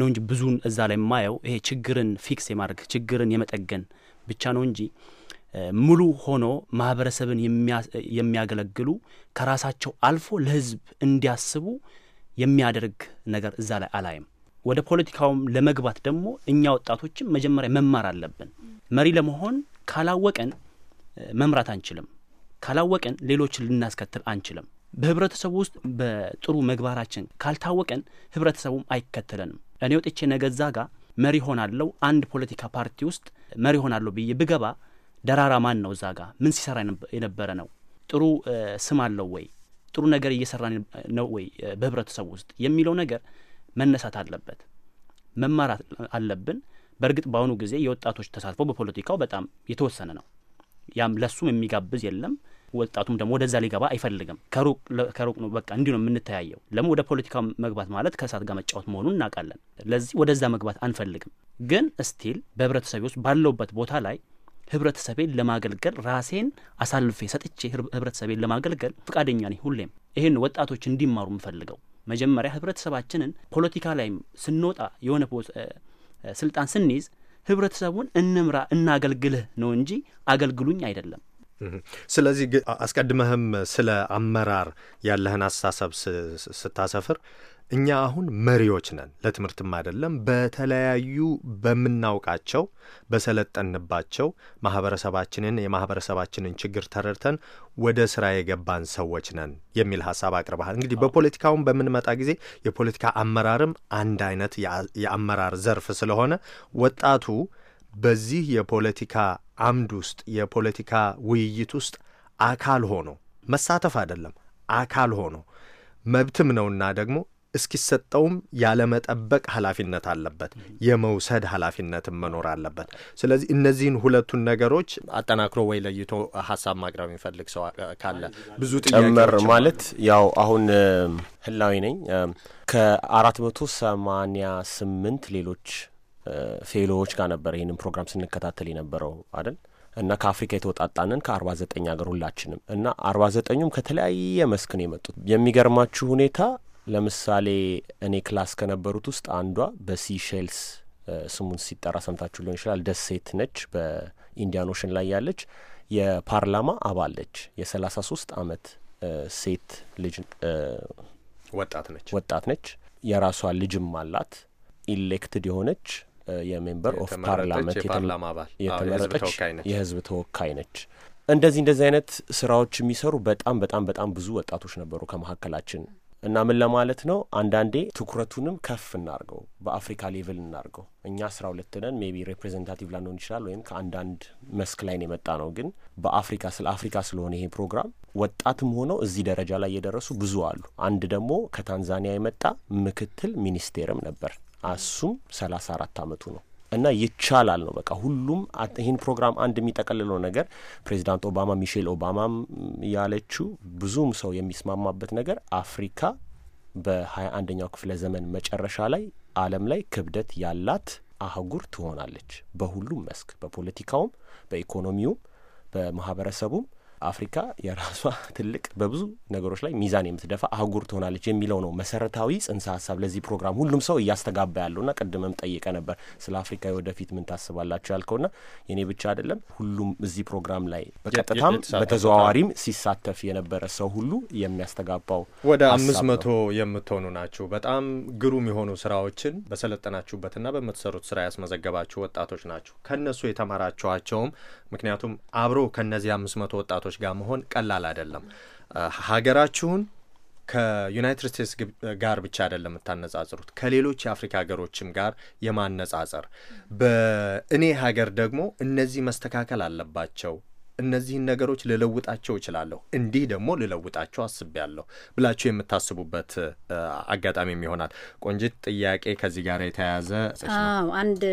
ነው እንጂ ብዙን እዛ ላይ የማየው ይሄ ችግርን ፊክስ የማድረግ ችግርን የመጠገን ብቻ ነው እንጂ ሙሉ ሆኖ ማህበረሰብን የሚያገለግሉ ከራሳቸው አልፎ ለህዝብ እንዲያስቡ የሚያደርግ ነገር እዛ ላይ አላይም። ወደ ፖለቲካውም ለመግባት ደግሞ እኛ ወጣቶችም መጀመሪያ መማር አለብን። መሪ ለመሆን ካላወቀን መምራት አንችልም። ካላወቀን ሌሎችን ልናስከትል አንችልም። በህብረተሰቡ ውስጥ በጥሩ መግባራችን ካልታወቀን ህብረተሰቡም አይከተለንም። እኔ ወጥቼ ነገዛ ጋ መሪ ሆናለው አንድ ፖለቲካ ፓርቲ ውስጥ መሪ ሆናለሁ ብዬ ብገባ ደራራ ማን ነው? እዛ ጋ ምን ሲሰራ የነበረ ነው? ጥሩ ስም አለው ወይ? ጥሩ ነገር እየሰራ ነው ወይ በህብረተሰቡ ውስጥ የሚለው ነገር መነሳት አለበት። መማር አለብን። በእርግጥ በአሁኑ ጊዜ የወጣቶች ተሳትፎ በፖለቲካው በጣም የተወሰነ ነው። ያም ለሱም የሚጋብዝ የለም። ወጣቱም ደግሞ ወደዛ ሊገባ አይፈልግም። ከሩቅ ነው በቃ እንዲሁ ነው የምንተያየው። ለምን ወደ ፖለቲካው መግባት ማለት ከእሳት ጋር መጫወት መሆኑን እናውቃለን። ለዚህ ወደዛ መግባት አንፈልግም። ግን ስቲል በህብረተሰቤ ውስጥ ባለውበት ቦታ ላይ ህብረተሰቤን ለማገልገል ራሴን አሳልፌ ሰጥቼ ህብረተሰቤን ለማገልገል ፍቃደኛ ነኝ። ሁሌም ይህን ወጣቶች እንዲማሩ የምፈልገው መጀመሪያ ህብረተሰባችንን ፖለቲካ ላይም ስንወጣ የሆነ ስልጣን ስንይዝ ህብረተሰቡን እንምራ እናገልግልህ ነው እንጂ አገልግሉኝ አይደለም። ስለዚህ አስቀድመህም ስለ አመራር ያለህን አስተሳሰብ ስታሰፍር እኛ አሁን መሪዎች ነን፣ ለትምህርትም አይደለም በተለያዩ በምናውቃቸው በሰለጠንባቸው ማህበረሰባችንን የማህበረሰባችንን ችግር ተረድተን ወደ ስራ የገባን ሰዎች ነን የሚል ሀሳብ አቅርበሃል። እንግዲህ በፖለቲካውን በምንመጣ ጊዜ የፖለቲካ አመራርም አንድ አይነት የአመራር ዘርፍ ስለሆነ ወጣቱ በዚህ የፖለቲካ አምድ ውስጥ የፖለቲካ ውይይት ውስጥ አካል ሆኖ መሳተፍ አይደለም አካል ሆኖ መብትም ነውና ደግሞ እስኪሰጠውም ያለመጠበቅ ኃላፊነት አለበት፣ የመውሰድ ኃላፊነትም መኖር አለበት። ስለዚህ እነዚህን ሁለቱን ነገሮች አጠናክሮ ወይ ለይቶ ሀሳብ ማቅረብ የሚፈልግ ሰው ካለ ብዙ ጨመር ማለት ያው አሁን ህላዊ ነኝ ከአራት መቶ ሰማኒያ ስምንት ሌሎች ፌሎዎች ጋር ነበር ይህንን ፕሮግራም ስንከታተል የነበረው አይደል እና ከአፍሪካ የተወጣጣንን ከአርባ ዘጠኝ ሀገር ሁላችንም እና አርባ ዘጠኙም ከተለያየ መስክ ነው የመጡት። የሚገርማችሁ ሁኔታ ለምሳሌ እኔ ክላስ ከነበሩት ውስጥ አንዷ በሲሼልስ ስሙን ሲጠራ ሰምታችሁ ሊሆን ይችላል ደሴት ነች፣ በኢንዲያን ኦሽን ላይ ያለች የፓርላማ አባል የሰላሳ ሶስት አመት ሴት ልጅ ወጣት ነች ወጣት ነች። የራሷ ልጅም አላት ኢሌክትድ የሆነች የሜምበር ኦፍ ፓርላመንት የተመረጠች የህዝብ ተወካይ ነች። እንደዚህ እንደዚህ አይነት ስራዎች የሚሰሩ በጣም በጣም በጣም ብዙ ወጣቶች ነበሩ ከመካከላችን እና ምን ለማለት ነው አንዳንዴ ትኩረቱንም ከፍ እናርገው፣ በአፍሪካ ሌቭል እናርገው። እኛ ስራ ሁለት ነን ሜቢ ሬፕሬዘንታቲቭ ላንሆን ይችላል፣ ወይም ከአንዳንድ መስክ ላይን የመጣ ነው። ግን በአፍሪካ ስለ አፍሪካ ስለሆነ ይሄ ፕሮግራም ወጣትም ሆነው እዚህ ደረጃ ላይ የደረሱ ብዙ አሉ። አንድ ደግሞ ከታንዛኒያ የመጣ ምክትል ሚኒስቴርም ነበር። እሱም ሰላሳ አራት አመቱ ነው እና ይቻላል ነው በቃ ሁሉም ይህን ፕሮግራም አንድ የሚጠቀልለው ነገር ፕሬዚዳንት ኦባማ ሚሼል ኦባማም ያለችው ብዙም ሰው የሚስማማበት ነገር አፍሪካ በሀያ አንደኛው ክፍለ ዘመን መጨረሻ ላይ አለም ላይ ክብደት ያላት አህጉር ትሆናለች። በሁሉም መስክ በፖለቲካውም፣ በኢኮኖሚውም፣ በማህበረሰቡም አፍሪካ የራሷ *laughs* ትልቅ በብዙ ነገሮች ላይ ሚዛን የምትደፋ አህጉር ትሆናለች የሚለው ነው መሰረታዊ ጽንሰ ሀሳብ ለዚህ ፕሮግራም ሁሉም ሰው እያስተጋባ ያለው ና ቅድምም ጠይቀ ነበር ስለ አፍሪካ ወደፊት ምን ታስባላችሁ ያልከውና የኔ ብቻ አይደለም ሁሉም እዚህ ፕሮግራም ላይ በቀጥታም በተዘዋዋሪም ሲሳተፍ የነበረ ሰው ሁሉ የሚያስተጋባው ወደ አምስት መቶ የምትሆኑ ናችሁ። በጣም ግሩም የሆኑ ስራዎችን ና በምትሰሩት ስራ ያስመዘገባችሁ ወጣቶች ናችሁ። ከእነሱ የተማራችኋቸውም ምክንያቱም አብሮ ከነዚህ አምስት መቶ ወጣቶች ወጣቶች ጋር መሆን ቀላል አይደለም። ሀገራችሁን ከዩናይትድ ስቴትስ ጋር ብቻ አይደለም የምታነጻጽሩት፣ ከሌሎች የአፍሪካ ሀገሮችም ጋር የማነጻጸር በእኔ ሀገር ደግሞ እነዚህ መስተካከል አለባቸው፣ እነዚህን ነገሮች ልለውጣቸው እችላለሁ፣ እንዲህ ደግሞ ልለውጣቸው አስቤያለሁ ብላችሁ የምታስቡበት አጋጣሚም ይሆናል። ቆንጂት፣ ጥያቄ ከዚህ ጋር የተያያዘ አንድ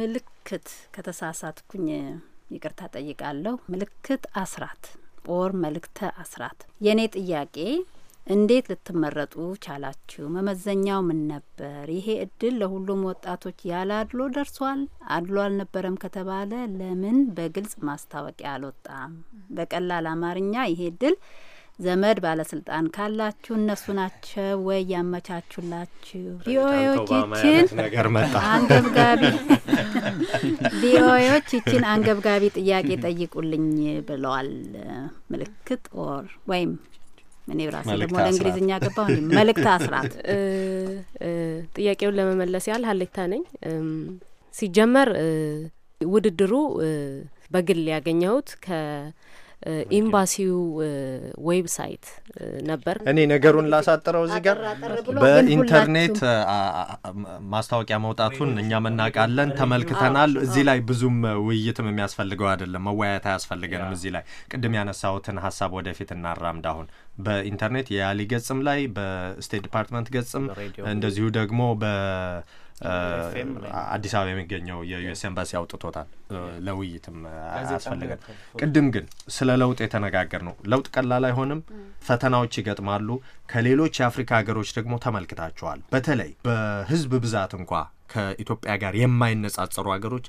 ምልክት ከተሳሳትኩኝ ይቅርታ ጠይቃለሁ። ምልክት አስራት ኦር መልእክተ አስራት የእኔ ጥያቄ እንዴት ልትመረጡ ቻላችሁ? መመዘኛው ምን ነበር? ይሄ እድል ለሁሉም ወጣቶች ያለ አድሎ ደርሷል? አድሎ አልነበረም ከተባለ ለምን በግልጽ ማስታወቂያ አልወጣም? በቀላል አማርኛ ይሄ እድል ዘመድ ባለስልጣን ካላችሁ እነሱ ናቸው ወይ ያመቻቹላችሁ? ቪኦኤዎቻችን አንገብጋቢ ቪኦኤዎች ይችን አንገብጋቢ ጥያቄ ጠይቁልኝ ብለዋል። ምልክት ኦር ወይም እኔ ብራሴ ደግሞ ወደ እንግሊዝኛ ገባ መልእክት አስራት ጥያቄውን ለመመለስ ያህል ሀሌታ ነኝ። ሲጀመር ውድድሩ በግል ያገኘሁት ከ ኢምባሲው ዌብሳይት ነበር። እኔ ነገሩን ላሳጥረው እዚህ ጋር በኢንተርኔት ማስታወቂያ መውጣቱን እኛም እናውቃለን፣ ተመልክተናል። እዚህ ላይ ብዙም ውይይትም የሚያስፈልገው አይደለም፣ መወያየት አያስፈልገንም። እዚህ ላይ ቅድም ያነሳሁትን ሀሳብ ወደፊት እናራምድ። አሁን በኢንተርኔት የያሊ ገጽም ላይ በስቴት ዲፓርትመንት ገጽም እንደዚሁ ደግሞ በ አዲስ አበባ የሚገኘው የዩኤስ ኤምባሲ አውጥቶታል፣ ለውይይትም አያስፈልገን። ቅድም ግን ስለ ለውጥ የተነጋገር ነው። ለውጥ ቀላል አይሆንም፣ ፈተናዎች ይገጥማሉ። ከሌሎች የአፍሪካ ሀገሮች ደግሞ ተመልክታቸዋል። በተለይ በህዝብ ብዛት እንኳ ከኢትዮጵያ ጋር የማይነጻጸሩ ሀገሮች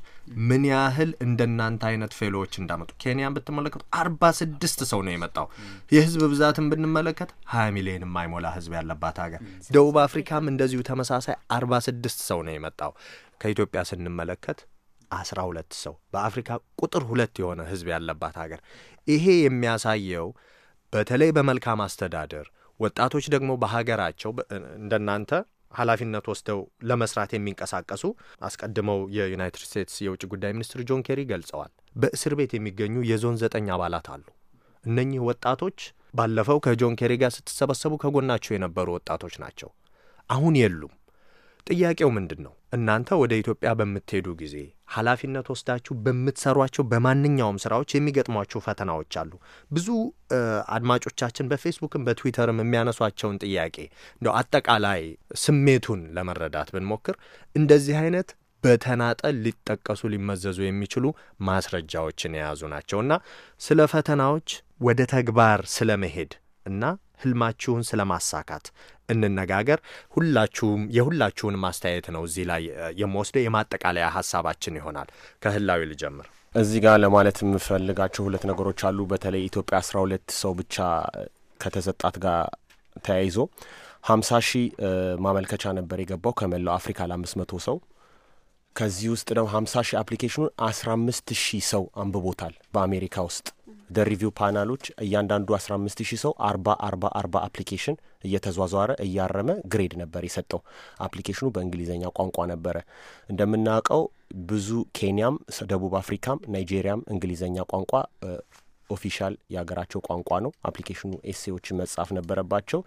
ምን ያህል እንደናንተ አይነት ፌሎዎች እንዳመጡ ኬንያን ብትመለከቱ አርባ ስድስት ሰው ነው የመጣው። የህዝብ ብዛትን ብንመለከት ሀያ ሚሊዮን የማይሞላ ህዝብ ያለባት ሀገር። ደቡብ አፍሪካም እንደዚሁ ተመሳሳይ አርባ ስድስት ሰው ነው የመጣው። ከኢትዮጵያ ስንመለከት አስራ ሁለት ሰው በአፍሪካ ቁጥር ሁለት የሆነ ህዝብ ያለባት ሀገር። ይሄ የሚያሳየው በተለይ በመልካም አስተዳደር ወጣቶች ደግሞ በሀገራቸው እንደናንተ ኃላፊነት ወስደው ለመስራት የሚንቀሳቀሱ አስቀድመው የዩናይትድ ስቴትስ የውጭ ጉዳይ ሚኒስትር ጆን ኬሪ ገልጸዋል። በእስር ቤት የሚገኙ የዞን ዘጠኝ አባላት አሉ። እነኚህ ወጣቶች ባለፈው ከጆን ኬሪ ጋር ስትሰበሰቡ ከጎናቸው የነበሩ ወጣቶች ናቸው። አሁን የሉም። ጥያቄው ምንድን ነው? እናንተ ወደ ኢትዮጵያ በምትሄዱ ጊዜ ኃላፊነት ወስዳችሁ በምትሰሯቸው በማንኛውም ስራዎች የሚገጥሟችሁ ፈተናዎች አሉ። ብዙ አድማጮቻችን በፌስቡክም በትዊተርም የሚያነሷቸውን ጥያቄ እንደ አጠቃላይ ስሜቱን ለመረዳት ብንሞክር እንደዚህ አይነት በተናጠል ሊጠቀሱ ሊመዘዙ የሚችሉ ማስረጃዎችን የያዙ ናቸውና ስለ ፈተናዎች ወደ ተግባር ስለመሄድ እና ህልማችሁን ስለማሳካት እንነጋገር። ሁላችሁም የሁላችሁን ማስተያየት ነው እዚህ ላይ የምወስደው የማጠቃለያ ሀሳባችን ይሆናል። ከህላዊ ልጀምር። እዚህ ጋር ለማለት የምፈልጋቸው ሁለት ነገሮች አሉ። በተለይ ኢትዮጵያ አስራ ሁለት ሰው ብቻ ከተሰጣት ጋር ተያይዞ ሀምሳ ሺህ ማመልከቻ ነበር የገባው ከመላው አፍሪካ ለአምስት መቶ ሰው ከዚህ ውስጥ ነው ሀምሳ ሺህ አፕሊኬሽኑን አምስት ሺህ ሰው አንብቦታል በአሜሪካ ውስጥ ደሪቪው ፓናሎች እያንዳንዱ አምስት ሺህ ሰው አርባ አርባ አርባ አፕሊኬሽን እየተዟዟረ እያረመ ግሬድ ነበር የሰጠው። አፕሊኬሽኑ በእንግሊዝኛ ቋንቋ ነበረ። እንደምናውቀው ብዙ ኬንያም፣ ደቡብ አፍሪካም፣ ናይጄሪያም እንግሊዝኛ ቋንቋ ኦፊሻል የሀገራቸው ቋንቋ ነው። አፕሊኬሽኑ ኤሴዎችን መጻፍ ነበረባቸው።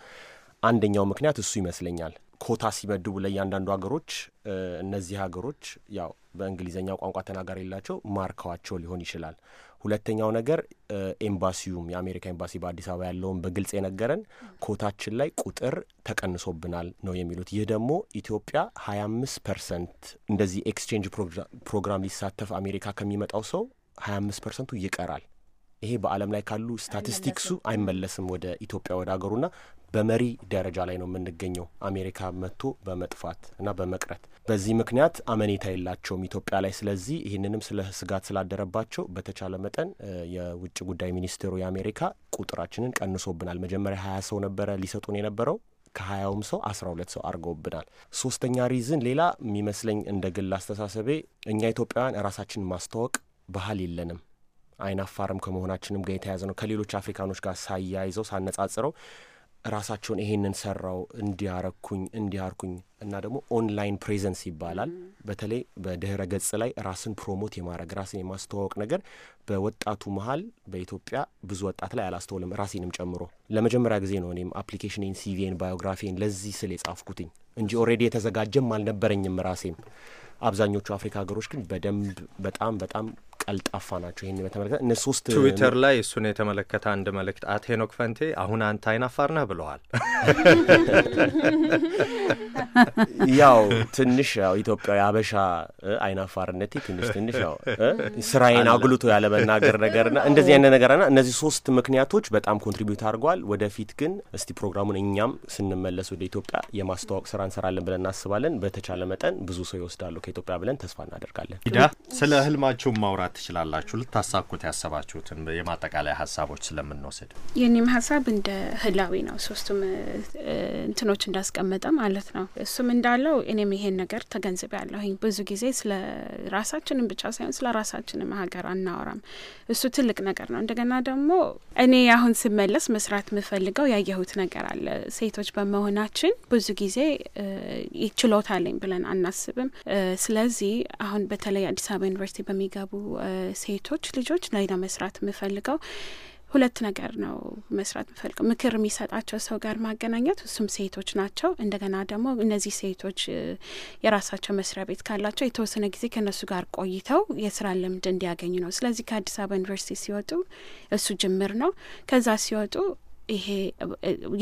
አንደኛው ምክንያት እሱ ይመስለኛል። ኮታ ሲመድቡ ለእያንዳንዱ ሀገሮች እነዚህ ሀገሮች ያው በእንግሊዝኛ ቋንቋ ተናጋሪ የላቸው ማርከዋቸው ሊሆን ይችላል። ሁለተኛው ነገር ኤምባሲውም የአሜሪካ ኤምባሲ በአዲስ አበባ ያለውን በግልጽ የነገረን ኮታችን ላይ ቁጥር ተቀንሶብናል ነው የሚሉት። ይህ ደግሞ ኢትዮጵያ ሀያ አምስት ፐርሰንት እንደዚህ ኤክስቼንጅ ፕሮግራም ሊሳተፍ አሜሪካ ከሚመጣው ሰው ሀያ አምስት ፐርሰንቱ ይቀራል። ይሄ በዓለም ላይ ካሉ ስታቲስቲክሱ አይመለስም ወደ ኢትዮጵያ ወደ ሀገሩና በመሪ ደረጃ ላይ ነው የምንገኘው። አሜሪካ መጥቶ በመጥፋት እና በመቅረት በዚህ ምክንያት አመኔታ የላቸውም ኢትዮጵያ ላይ። ስለዚህ ይህንንም ስለ ስጋት ስላደረባቸው በተቻለ መጠን የውጭ ጉዳይ ሚኒስቴሩ የአሜሪካ ቁጥራችንን ቀንሶብናል። መጀመሪያ ሀያ ሰው ነበረ ሊሰጡን የነበረው ከሀያውም ሰው አስራ ሁለት ሰው አድርገውብናል። ሶስተኛ ሪዝን ሌላ የሚመስለኝ እንደ ግል አስተሳሰቤ እኛ ኢትዮጵያውያን ራሳችንን ማስተዋወቅ ባህል የለንም። አይናፋርም ከመሆናችንም ጋር ያዘ ነው። ከሌሎች አፍሪካኖች ጋር ሳያይዘው ሳነጻጽረው ራሳቸውን ይሄንን ሰራው እንዲያረኩኝ እንዲያርኩኝ እና ደግሞ ኦንላይን ፕሬዘንስ ይባላል። በተለይ በድህረ ገጽ ላይ ራስን ፕሮሞት የማድረግ ራስን የማስተዋወቅ ነገር በወጣቱ መሀል በኢትዮጵያ ብዙ ወጣት ላይ አላስተውልም። ራሴንም ጨምሮ ለመጀመሪያ ጊዜ ነው እኔም አፕሊኬሽንን፣ ሲቪን፣ ባዮግራፊን ለዚህ ስል የጻፍኩትኝ እንጂ ኦልሬዲ የተዘጋጀም አልነበረኝም ራሴም። አብዛኞቹ አፍሪካ ሀገሮች ግን በደንብ በጣም በጣም ቀልጣፋ ናቸው። ይህን በተመለከተ እነ ሶስት ትዊተር ላይ እሱን የተመለከተ አንድ መልእክት አቴኖክ ፈንቴ አሁን አንተ አይናፋር ነህ ብለዋል። *laughs* ያው ትንሽ ያው ኢትዮጵያዊ አበሻ አይናፋርነቴ ትንሽ ትንሽ ያው ስራዬን አጉልቶ ያለ ያለመናገር ነገርና እንደዚህ አይነት ነገርና እነዚህ ሶስት ምክንያቶች በጣም ኮንትሪቢዩት አድርጓል። ወደፊት ግን እስቲ ፕሮግራሙን እኛም ስንመለስ ወደ ኢትዮጵያ የማስተዋወቅ ስራ እንሰራለን ብለን እናስባለን። በተቻለ መጠን ብዙ ሰው ይወስዳሉ ከኢትዮጵያ ብለን ተስፋ እናደርጋለን። ዳ ስለ ህልማችሁም ማውራት ትችላላችሁ ልታሳኩት ያሰባችሁትን የማጠቃለያ ሀሳቦች ስለምንወስድ የኔም ሀሳብ እንደ ህላዊ ነው። ሶስቱም እንትኖች እንዳስቀመጠ ማለት ነው። እሱም እንዳለው እኔም ይሄን ነገር ተገንዝብ ያለሁኝ ብዙ ጊዜ ስለ ራሳችንም ብቻ ሳይሆን ስለ ራሳችንም ሀገር አናወራም። እሱ ትልቅ ነገር ነው። እንደገና ደግሞ እኔ አሁን ስመለስ መስራት የምፈልገው ያየሁት ነገር አለ። ሴቶች በመሆናችን ብዙ ጊዜ ችሎታ አለኝ ብለን አናስብም። ስለዚህ አሁን በተለይ አዲስ አበባ ዩኒቨርሲቲ በሚገቡ ሴቶች ልጆች ላይ ለመስራት የምፈልገው ሁለት ነገር ነው መስራት የምፈልገው። ምክር የሚሰጣቸው ሰው ጋር ማገናኘት፣ እሱም ሴቶች ናቸው። እንደገና ደግሞ እነዚህ ሴቶች የራሳቸው መስሪያ ቤት ካላቸው የተወሰነ ጊዜ ከእነሱ ጋር ቆይተው የስራ ልምድ እንዲያገኙ ነው። ስለዚህ ከአዲስ አበባ ዩኒቨርሲቲ ሲወጡ እሱ ጅምር ነው። ከዛ ሲወጡ ይሄ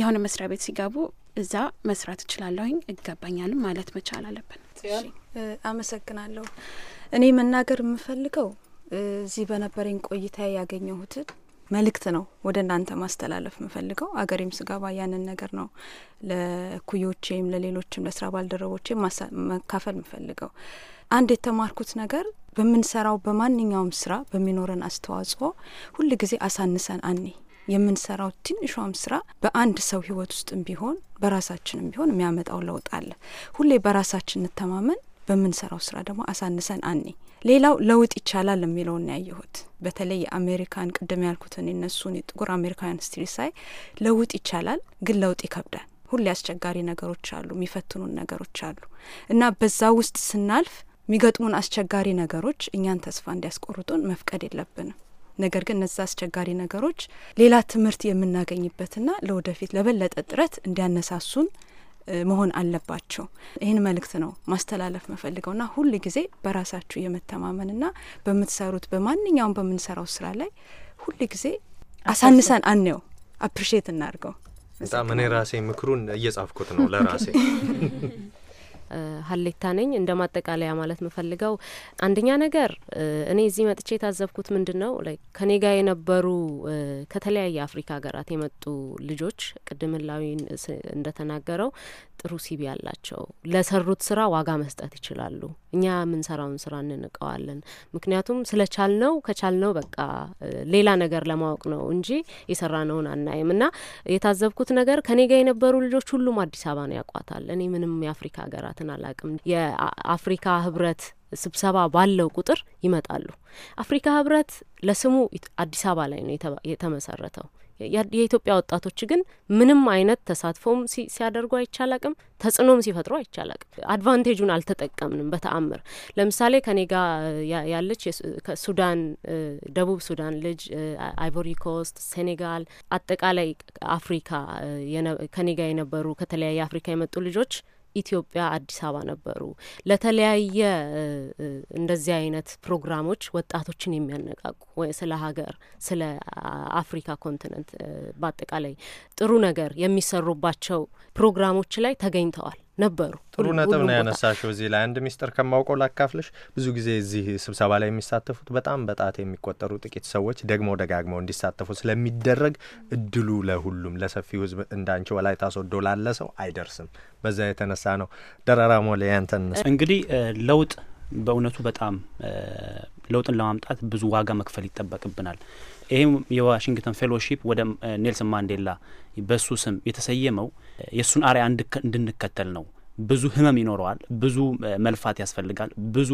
የሆነ መስሪያ ቤት ሲገቡ እዛ መስራት እችላለሁኝ እገባኛልም ማለት መቻል አለብን። አመሰግናለሁ። እኔ መናገር የምፈልገው እዚህ በነበረኝ ቆይታ ያገኘሁትን መልእክት ነው ወደ እናንተ ማስተላለፍ የምፈልገው። አገሬም ስገባ ያንን ነገር ነው ለኩዮቼም፣ ለሌሎችም ለስራ ባልደረቦቼ መካፈል የምፈልገው። አንድ የተማርኩት ነገር በምንሰራው በማንኛውም ስራ በሚኖረን አስተዋጽኦ ጊዜ አሳንሰን አኔ የምንሰራው ትንሿም ስራ በአንድ ሰው ህይወት ውስጥም ቢሆን በራሳችንም ቢሆን የሚያመጣው ለውጥ አለ። ሁሌ በራሳችን እንተማመን። በምንሰራው ስራ ደግሞ አሳንሰን አኔ ሌላው ለውጥ ይቻላል የሚለውን ያየሁት በተለይ የአሜሪካን ቅድም ያልኩትን የነሱን የጥቁር አሜሪካውያን ስትሪ ሳይ ለውጥ ይቻላል፣ ግን ለውጥ ይከብዳል። ሁሌ አስቸጋሪ ነገሮች አሉ፣ የሚፈትኑን ነገሮች አሉ እና በዛ ውስጥ ስናልፍ የሚገጥሙን አስቸጋሪ ነገሮች እኛን ተስፋ እንዲያስቆርጡን መፍቀድ የለብንም። ነገር ግን እነዛ አስቸጋሪ ነገሮች ሌላ ትምህርት የምናገኝበትና ለወደፊት ለበለጠ ጥረት እንዲያነሳሱን መሆን አለባቸው። ይህን መልእክት ነው ማስተላለፍ ና ሁል ጊዜ በራሳችሁ ና በምትሰሩት በማንኛውም በምንሰራው ስራ ላይ ሁል ጊዜ አሳንሰን አንየው፣ አፕሪሼት እናርገው። በጣም እኔ ራሴ ምክሩን እየጻፍኩት ነው ለራሴ *laughs* ሀሌታ ነኝ። እንደ ማጠቃለያ ማለት ምፈልገው አንደኛ ነገር እኔ እዚህ መጥቼ የታዘብኩት ምንድን ነው ከኔ ጋር የነበሩ ከተለያየ አፍሪካ ሀገራት የመጡ ልጆች ቅድም እንደተናገረው ጥሩ ሲቢ ያላቸው ለሰሩት ስራ ዋጋ መስጠት ይችላሉ። እኛ የምንሰራውን ስራ እንንቀዋለን። ምክንያቱም ስለ ከቻል ከቻልነው በቃ ሌላ ነገር ለማወቅ ነው እንጂ የሰራነውን አናይም። እና የታዘብኩት ነገር ከኔ ጋር የነበሩ ልጆች ሁሉም አዲስ አበባን ያውቋታል። እኔ ምንም የአፍሪካ ሀገራት እንትን አላቅም የአፍሪካ ህብረት ስብሰባ ባለው ቁጥር ይመጣሉ። አፍሪካ ህብረት ለስሙ አዲስ አበባ ላይ ነው የተመሰረተው። የኢትዮጵያ ወጣቶች ግን ምንም አይነት ተሳትፎም ሲያደርጉ አይቻላቅም፣ ተጽዕኖም ሲፈጥሩ አይቻላቅም። አድቫንቴጁን አልተጠቀምንም በተአምር። ለምሳሌ ከኔ ጋ ያለች ሱዳን፣ ደቡብ ሱዳን ልጅ፣ አይቮሪ ኮስት፣ ሴኔጋል፣ አጠቃላይ አፍሪካ ከኔ ጋ የነበሩ ከተለያየ አፍሪካ የመጡ ልጆች ኢትዮጵያ፣ አዲስ አበባ ነበሩ። ለተለያየ እንደዚህ አይነት ፕሮግራሞች ወጣቶችን የሚያነቃቁ ስለ ሀገር፣ ስለ አፍሪካ ኮንቲነንት በአጠቃላይ ጥሩ ነገር የሚሰሩባቸው ፕሮግራሞች ላይ ተገኝተዋል። ነበሩ። ጥሩ ነጥብ ነው ያነሳሽው። እዚህ ላይ አንድ ሚስጥር ከማውቀው ላካፍልሽ። ብዙ ጊዜ እዚህ ስብሰባ ላይ የሚሳተፉት በጣም በጣት የሚቆጠሩ ጥቂት ሰዎች ደግሞ ደጋግመው እንዲሳተፉ ስለሚደረግ እድሉ ለሁሉም ለሰፊው ሕዝብ እንዳንቺ ወላይታ ሶዶ ላለ ሰው አይደርስም። በዛ የተነሳ ነው። ደረራ ሞላ ያንተን እንግዲህ ለውጥ በእውነቱ በጣም ለውጥን ለማምጣት ብዙ ዋጋ መክፈል ይጠበቅብናል። ይህም የዋሽንግተን ፌሎሺፕ ወደ ኔልሰን ማንዴላ በሱ ስም የተሰየመው የእሱን አሪያ እንድንከተል ነው። ብዙ ህመም ይኖረዋል። ብዙ መልፋት ያስፈልጋል። ብዙ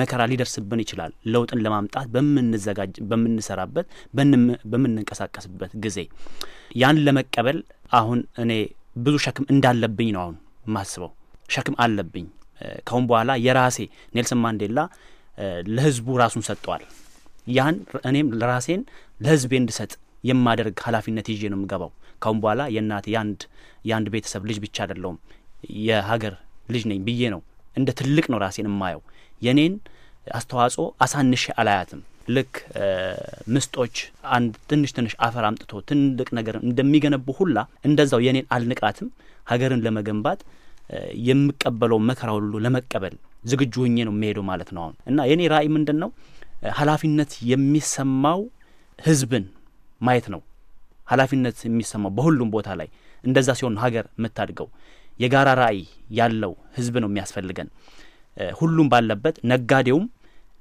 መከራ ሊደርስብን ይችላል። ለውጥን ለማምጣት በምንዘጋጅ፣ በምንሰራበት፣ በምንንቀሳቀስበት ጊዜ ያን ለመቀበል አሁን እኔ ብዙ ሸክም እንዳለብኝ ነው አሁን ማስበው። ሸክም አለብኝ። ከሁን በኋላ የራሴ ኔልሰን ማንዴላ ለህዝቡ ራሱን ሰጥተዋል ያን እኔም ለራሴን ለህዝቤ እንድሰጥ የማደርግ ኃላፊነት ይዤ ነው የምገባው። ካሁን በኋላ የእናቴ የአንድ ቤተሰብ ልጅ ብቻ አደለውም የሀገር ልጅ ነኝ ብዬ ነው እንደ ትልቅ ነው ራሴን የማየው። የኔን አስተዋጽኦ አሳንሽ አላያትም። ልክ ምስጦች አንድ ትንሽ ትንሽ አፈር አምጥቶ ትልቅ ነገር እንደሚገነቡ ሁላ እንደዛው የኔን አልንቃትም። ሀገርን ለመገንባት የምቀበለው መከራ ሁሉ ለመቀበል ዝግጁ ሁኜ ነው የሚሄደው ማለት ነው። አሁን እና የኔ ራእይ ምንድን ነው? ኃላፊነት የሚሰማው ህዝብን ማየት ነው። ኃላፊነት የሚሰማው በሁሉም ቦታ ላይ እንደዛ ሲሆን ሀገር የምታድገው። የጋራ ራዕይ ያለው ህዝብ ነው የሚያስፈልገን። ሁሉም ባለበት ነጋዴውም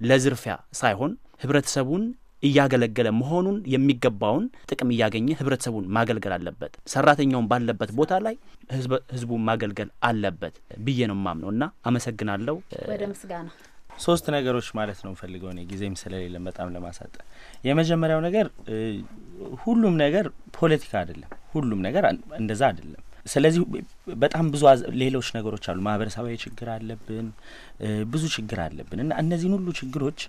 ለዝርፊያ ሳይሆን ህብረተሰቡን እያገለገለ መሆኑን የሚገባውን ጥቅም እያገኘ ህብረተሰቡን ማገልገል አለበት። ሰራተኛውን ባለበት ቦታ ላይ ህዝቡ ማገልገል አለበት ብዬ ነው ማምነው እና አመሰግናለሁ። ወደ ምስጋና ሶስት ነገሮች ማለት ነው ፈልገው እኔ ጊዜም ስለሌለም በጣም ለማሳጠ የመጀመሪያው ነገር ሁሉም ነገር ፖለቲካ አይደለም። ሁሉም ነገር እንደዛ አይደለም። ስለዚህ በጣም ብዙ ሌሎች ነገሮች አሉ። ማህበረሰባዊ ችግር አለብን፣ ብዙ ችግር አለብን እና እነዚህን ሁሉ ችግሮች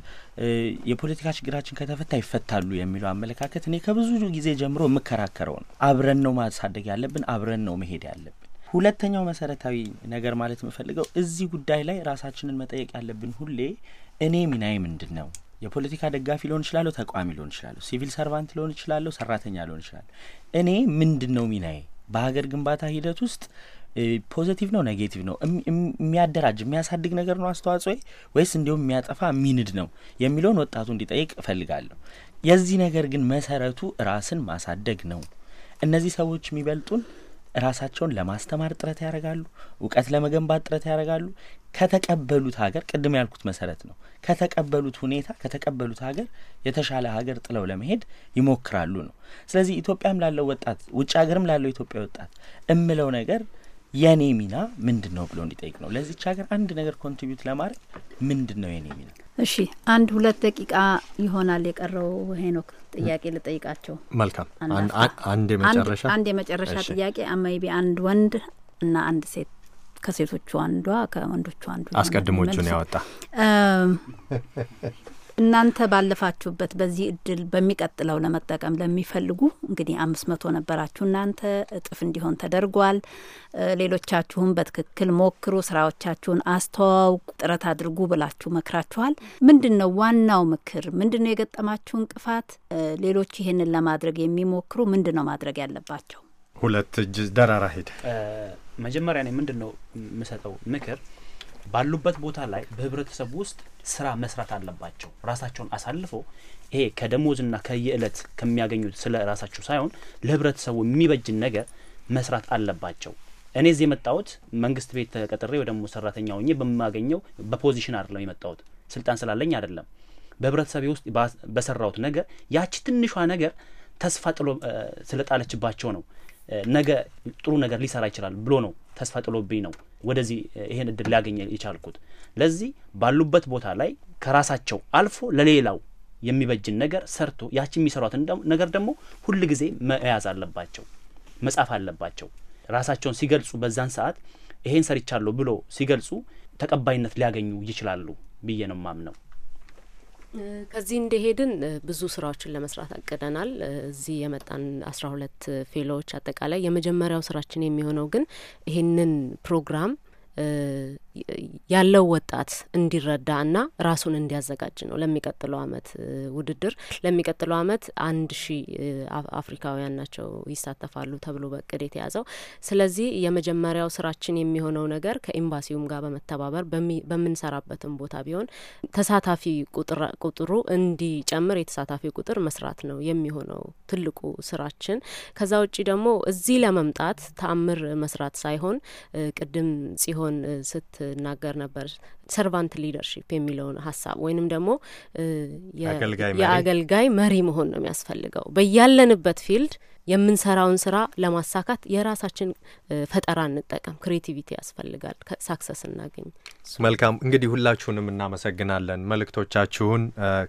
የፖለቲካ ችግራችን ከተፈታ ይፈታሉ የሚለው አመለካከት እኔ ከብዙ ጊዜ ጀምሮ የምከራከረው ነው። አብረን ነው ማሳደግ ያለብን፣ አብረን ነው መሄድ ያለብን። ሁለተኛው መሰረታዊ ነገር ማለት የምፈልገው እዚህ ጉዳይ ላይ ራሳችንን መጠየቅ ያለብን ሁሌ እኔ ሚናዬ ምንድን ነው? የፖለቲካ ደጋፊ ሊሆን እችላለሁ፣ ተቋሚ ሊሆን እችላለሁ፣ ሲቪል ሰርቫንት ሊሆን እችላለሁ፣ ሰራተኛ ሊሆን እችላለሁ። እኔ ምንድን ነው ሚናዬ በሀገር ግንባታ ሂደት ውስጥ ፖዘቲቭ ነው ኔጌቲቭ ነው የሚያደራጅ የሚያሳድግ ነገር ነው አስተዋጽኦ ወይስ እንዲሁም የሚያጠፋ የሚንድ ነው የሚለውን ወጣቱ እንዲጠይቅ እፈልጋለሁ። የዚህ ነገር ግን መሰረቱ ራስን ማሳደግ ነው። እነዚህ ሰዎች የሚበልጡን ራሳቸውን ለማስተማር ጥረት ያደርጋሉ። እውቀት ለመገንባት ጥረት ያደርጋሉ። ከተቀበሉት ሀገር ቅድም ያልኩት መሰረት ነው። ከተቀበሉት ሁኔታ ከተቀበሉት ሀገር የተሻለ ሀገር ጥለው ለመሄድ ይሞክራሉ ነው። ስለዚህ ኢትዮጵያም ላለው ወጣት ውጭ ሀገርም ላለው ኢትዮጵያ ወጣት እምለው ነገር የኔ ሚና ምንድን ነው ብሎ እንዲጠይቅ ነው። ለዚች ሀገር አንድ ነገር ኮንትሪቢዩት ለማድረግ ምንድን ነው የኔ ሚና? እሺ አንድ ሁለት ደቂቃ ይሆናል የቀረው። ሄኖክ ጥያቄ ልጠይቃቸው። መልካም አንድ የመጨረሻ አንድ የመጨረሻ ጥያቄ አማይቢ አንድ ወንድ እና አንድ ሴት ከሴቶቹ አንዷ ከወንዶቹ አንዱ አስቀድሞቹን ያወጣ እናንተ ባለፋችሁበት በዚህ እድል በሚቀጥለው ለመጠቀም ለሚፈልጉ እንግዲህ አምስት መቶ ነበራችሁ እናንተ እጥፍ እንዲሆን ተደርጓል። ሌሎቻችሁም በትክክል ሞክሩ፣ ስራዎቻችሁን አስተዋውቁ፣ ጥረት አድርጉ ብላችሁ መክራችኋል። ምንድን ነው ዋናው ምክር? ምንድን ነው የገጠማችሁ እንቅፋት? ሌሎች ይህንን ለማድረግ የሚሞክሩ ምንድን ነው ማድረግ ያለባቸው? ሁለት እጅ ደራራ ሄደ። መጀመሪያ ነው ምንድን ነው የምሰጠው ምክር ባሉበት ቦታ ላይ በህብረተሰቡ ውስጥ ስራ መስራት አለባቸው። ራሳቸውን አሳልፈው ይሄ ከደሞዝና ከየእለት ከሚያገኙት ስለ ራሳቸው ሳይሆን ለህብረተሰቡ የሚበጅን ነገር መስራት አለባቸው። እኔ እዚህ የመጣሁት መንግስት ቤት ተቀጥሬ ወደሞ ሰራተኛ ሆኜ በማገኘው በፖዚሽን አይደለም የመጣሁት፣ ስልጣን ስላለኝ አይደለም። በህብረተሰቤ ውስጥ በሰራሁት ነገር ያቺ ትንሿ ነገር ተስፋ ጥሎ ስለጣለችባቸው ነው ነገ ጥሩ ነገር ሊሰራ ይችላል ብሎ ነው ተስፋ ጥሎብኝ ነው ወደዚህ ይሄን እድል ሊያገኝ የቻልኩት። ለዚህ ባሉበት ቦታ ላይ ከራሳቸው አልፎ ለሌላው የሚበጅን ነገር ሰርቶ ያቺ የሚሰሯትን ነገር ደግሞ ሁል ጊዜ መያዝ አለባቸው፣ መጻፍ አለባቸው። ራሳቸውን ሲገልጹ በዛን ሰዓት ይሄን ሰርቻለሁ ብሎ ሲገልጹ ተቀባይነት ሊያገኙ ይችላሉ ብዬ ነው ማምነው። ከዚህ እንደሄድን ብዙ ስራዎችን ለመስራት አቅደናል። እዚህ የመጣን አስራ ሁለት ፌሎዎች አጠቃላይ የመጀመሪያው ስራችን የሚሆነው ግን ይህንን ፕሮግራም ያለው ወጣት እንዲረዳ እና ራሱን እንዲያዘጋጅ ነው ለሚቀጥለው አመት ውድድር። ለሚቀጥለው አመት አንድ ሺ አፍሪካውያን ናቸው ይሳተፋሉ ተብሎ በእቅድ የተያዘው። ስለዚህ የመጀመሪያው ስራችን የሚሆነው ነገር ከኤምባሲውም ጋር በመተባበር በምንሰራበትም ቦታ ቢሆን ተሳታፊ ቁጥሩ እንዲጨምር የተሳታፊ ቁጥር መስራት ነው የሚሆነው ትልቁ ስራችን። ከዛ ውጪ ደግሞ እዚህ ለመምጣት ተአምር መስራት ሳይሆን ቅድም ሲሆን አሁን ስትናገር ነበር ሰርቫንት ሊደርሺፕ የሚለውን ሀሳብ ወይንም ደግሞ የአገልጋይ መሪ መሆን ነው የሚያስፈልገው በያለንበት ፊልድ የምንሰራውን ስራ ለማሳካት የራሳችን ፈጠራ እንጠቀም። ክሬቲቪቲ ያስፈልጋል። ሳክሰስ እናገኝ። መልካም እንግዲህ ሁላችሁንም እናመሰግናለን። መልእክቶቻችሁን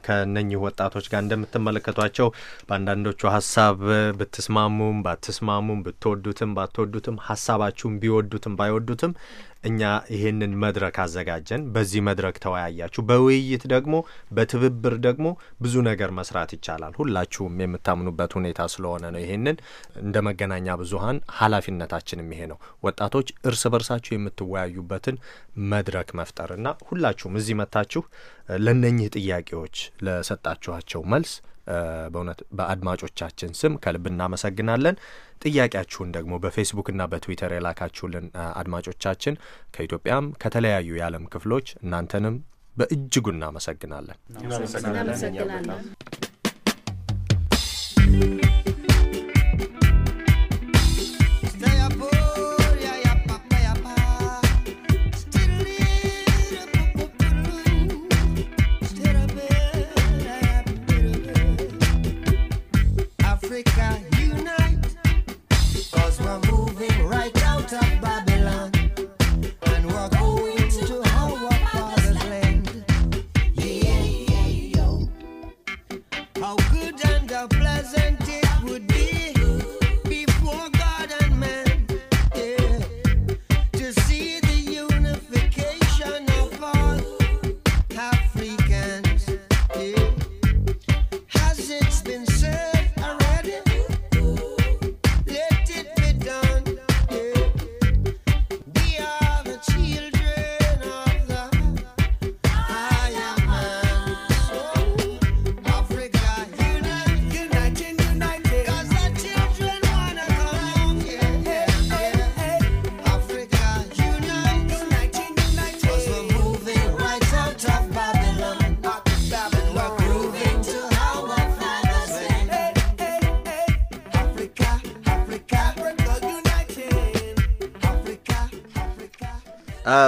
ከነኚህ ወጣቶች ጋር እንደምትመለከቷቸው በአንዳንዶቹ ሀሳብ ብትስማሙም ባትስማሙም ብትወዱትም ባትወዱትም ሀሳባችሁን ቢወዱትም ባይወዱትም እኛ ይሄንን መድረክ አዘጋጀን። በዚህ መድረክ ተወያያችሁ። በውይይት ደግሞ በትብብር ደግሞ ብዙ ነገር መስራት ይቻላል። ሁላችሁም የምታምኑበት ሁኔታ ስለሆነ ነው ይሄን ይህንን እንደ መገናኛ ብዙሀን ኃላፊነታችንም ይሄ ነው። ወጣቶች እርስ በርሳችሁ የምትወያዩበትን መድረክ መፍጠር እና ሁላችሁም እዚህ መታችሁ ለነኚህ ጥያቄዎች ለሰጣችኋቸው መልስ በእውነት በአድማጮቻችን ስም ከልብ እናመሰግናለን። ጥያቄያችሁን ደግሞ በፌስቡክና በትዊተር የላካችሁልን አድማጮቻችን ከኢትዮጵያም ከተለያዩ የዓለም ክፍሎች እናንተንም በእጅጉ እናመሰግናለን። Africa.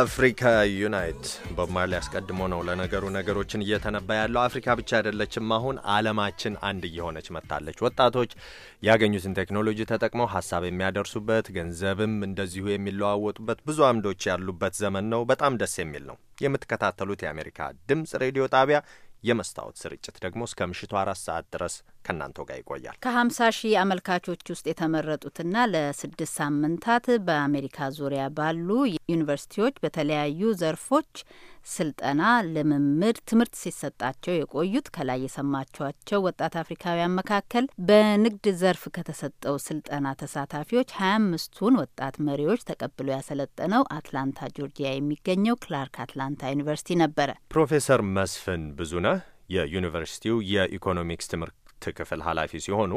አፍሪካ ዩናይት ቦብ አስቀድሞ ነው ለነገሩ ነገሮችን እየተነባ ያለው። አፍሪካ ብቻ አይደለችም፣ አሁን አለማችን አንድ እየሆነች መጥታለች። ወጣቶች ያገኙትን ቴክኖሎጂ ተጠቅመው ሀሳብ የሚያደርሱበት፣ ገንዘብም እንደዚሁ የሚለዋወጡበት ብዙ አምዶች ያሉበት ዘመን ነው። በጣም ደስ የሚል ነው። የምትከታተሉት የአሜሪካ ድምጽ ሬዲዮ ጣቢያ የመስታወት ስርጭት ደግሞ እስከ ምሽቱ አራት ሰዓት ድረስ ከእናንተ ጋር ይቆያል። ከሀምሳ ሺህ አመልካቾች ውስጥ የተመረጡትና ለስድስት ሳምንታት በአሜሪካ ዙሪያ ባሉ ዩኒቨርሲቲዎች በተለያዩ ዘርፎች ስልጠና፣ ልምምድ፣ ትምህርት ሲሰጣቸው የቆዩት ከላይ የሰማችኋቸው ወጣት አፍሪካውያን መካከል በንግድ ዘርፍ ከተሰጠው ስልጠና ተሳታፊዎች ሀያ አምስቱን ወጣት መሪዎች ተቀብሎ ያሰለጠነው አትላንታ ጆርጂያ የሚገኘው ክላርክ አትላንታ ዩኒቨርሲቲ ነበረ። ፕሮፌሰር መስፍን ብዙነህ የዩኒቨርሲቲው የኢኮኖሚክስ ትምህርት ክፍል ኃላፊ ሲሆኑ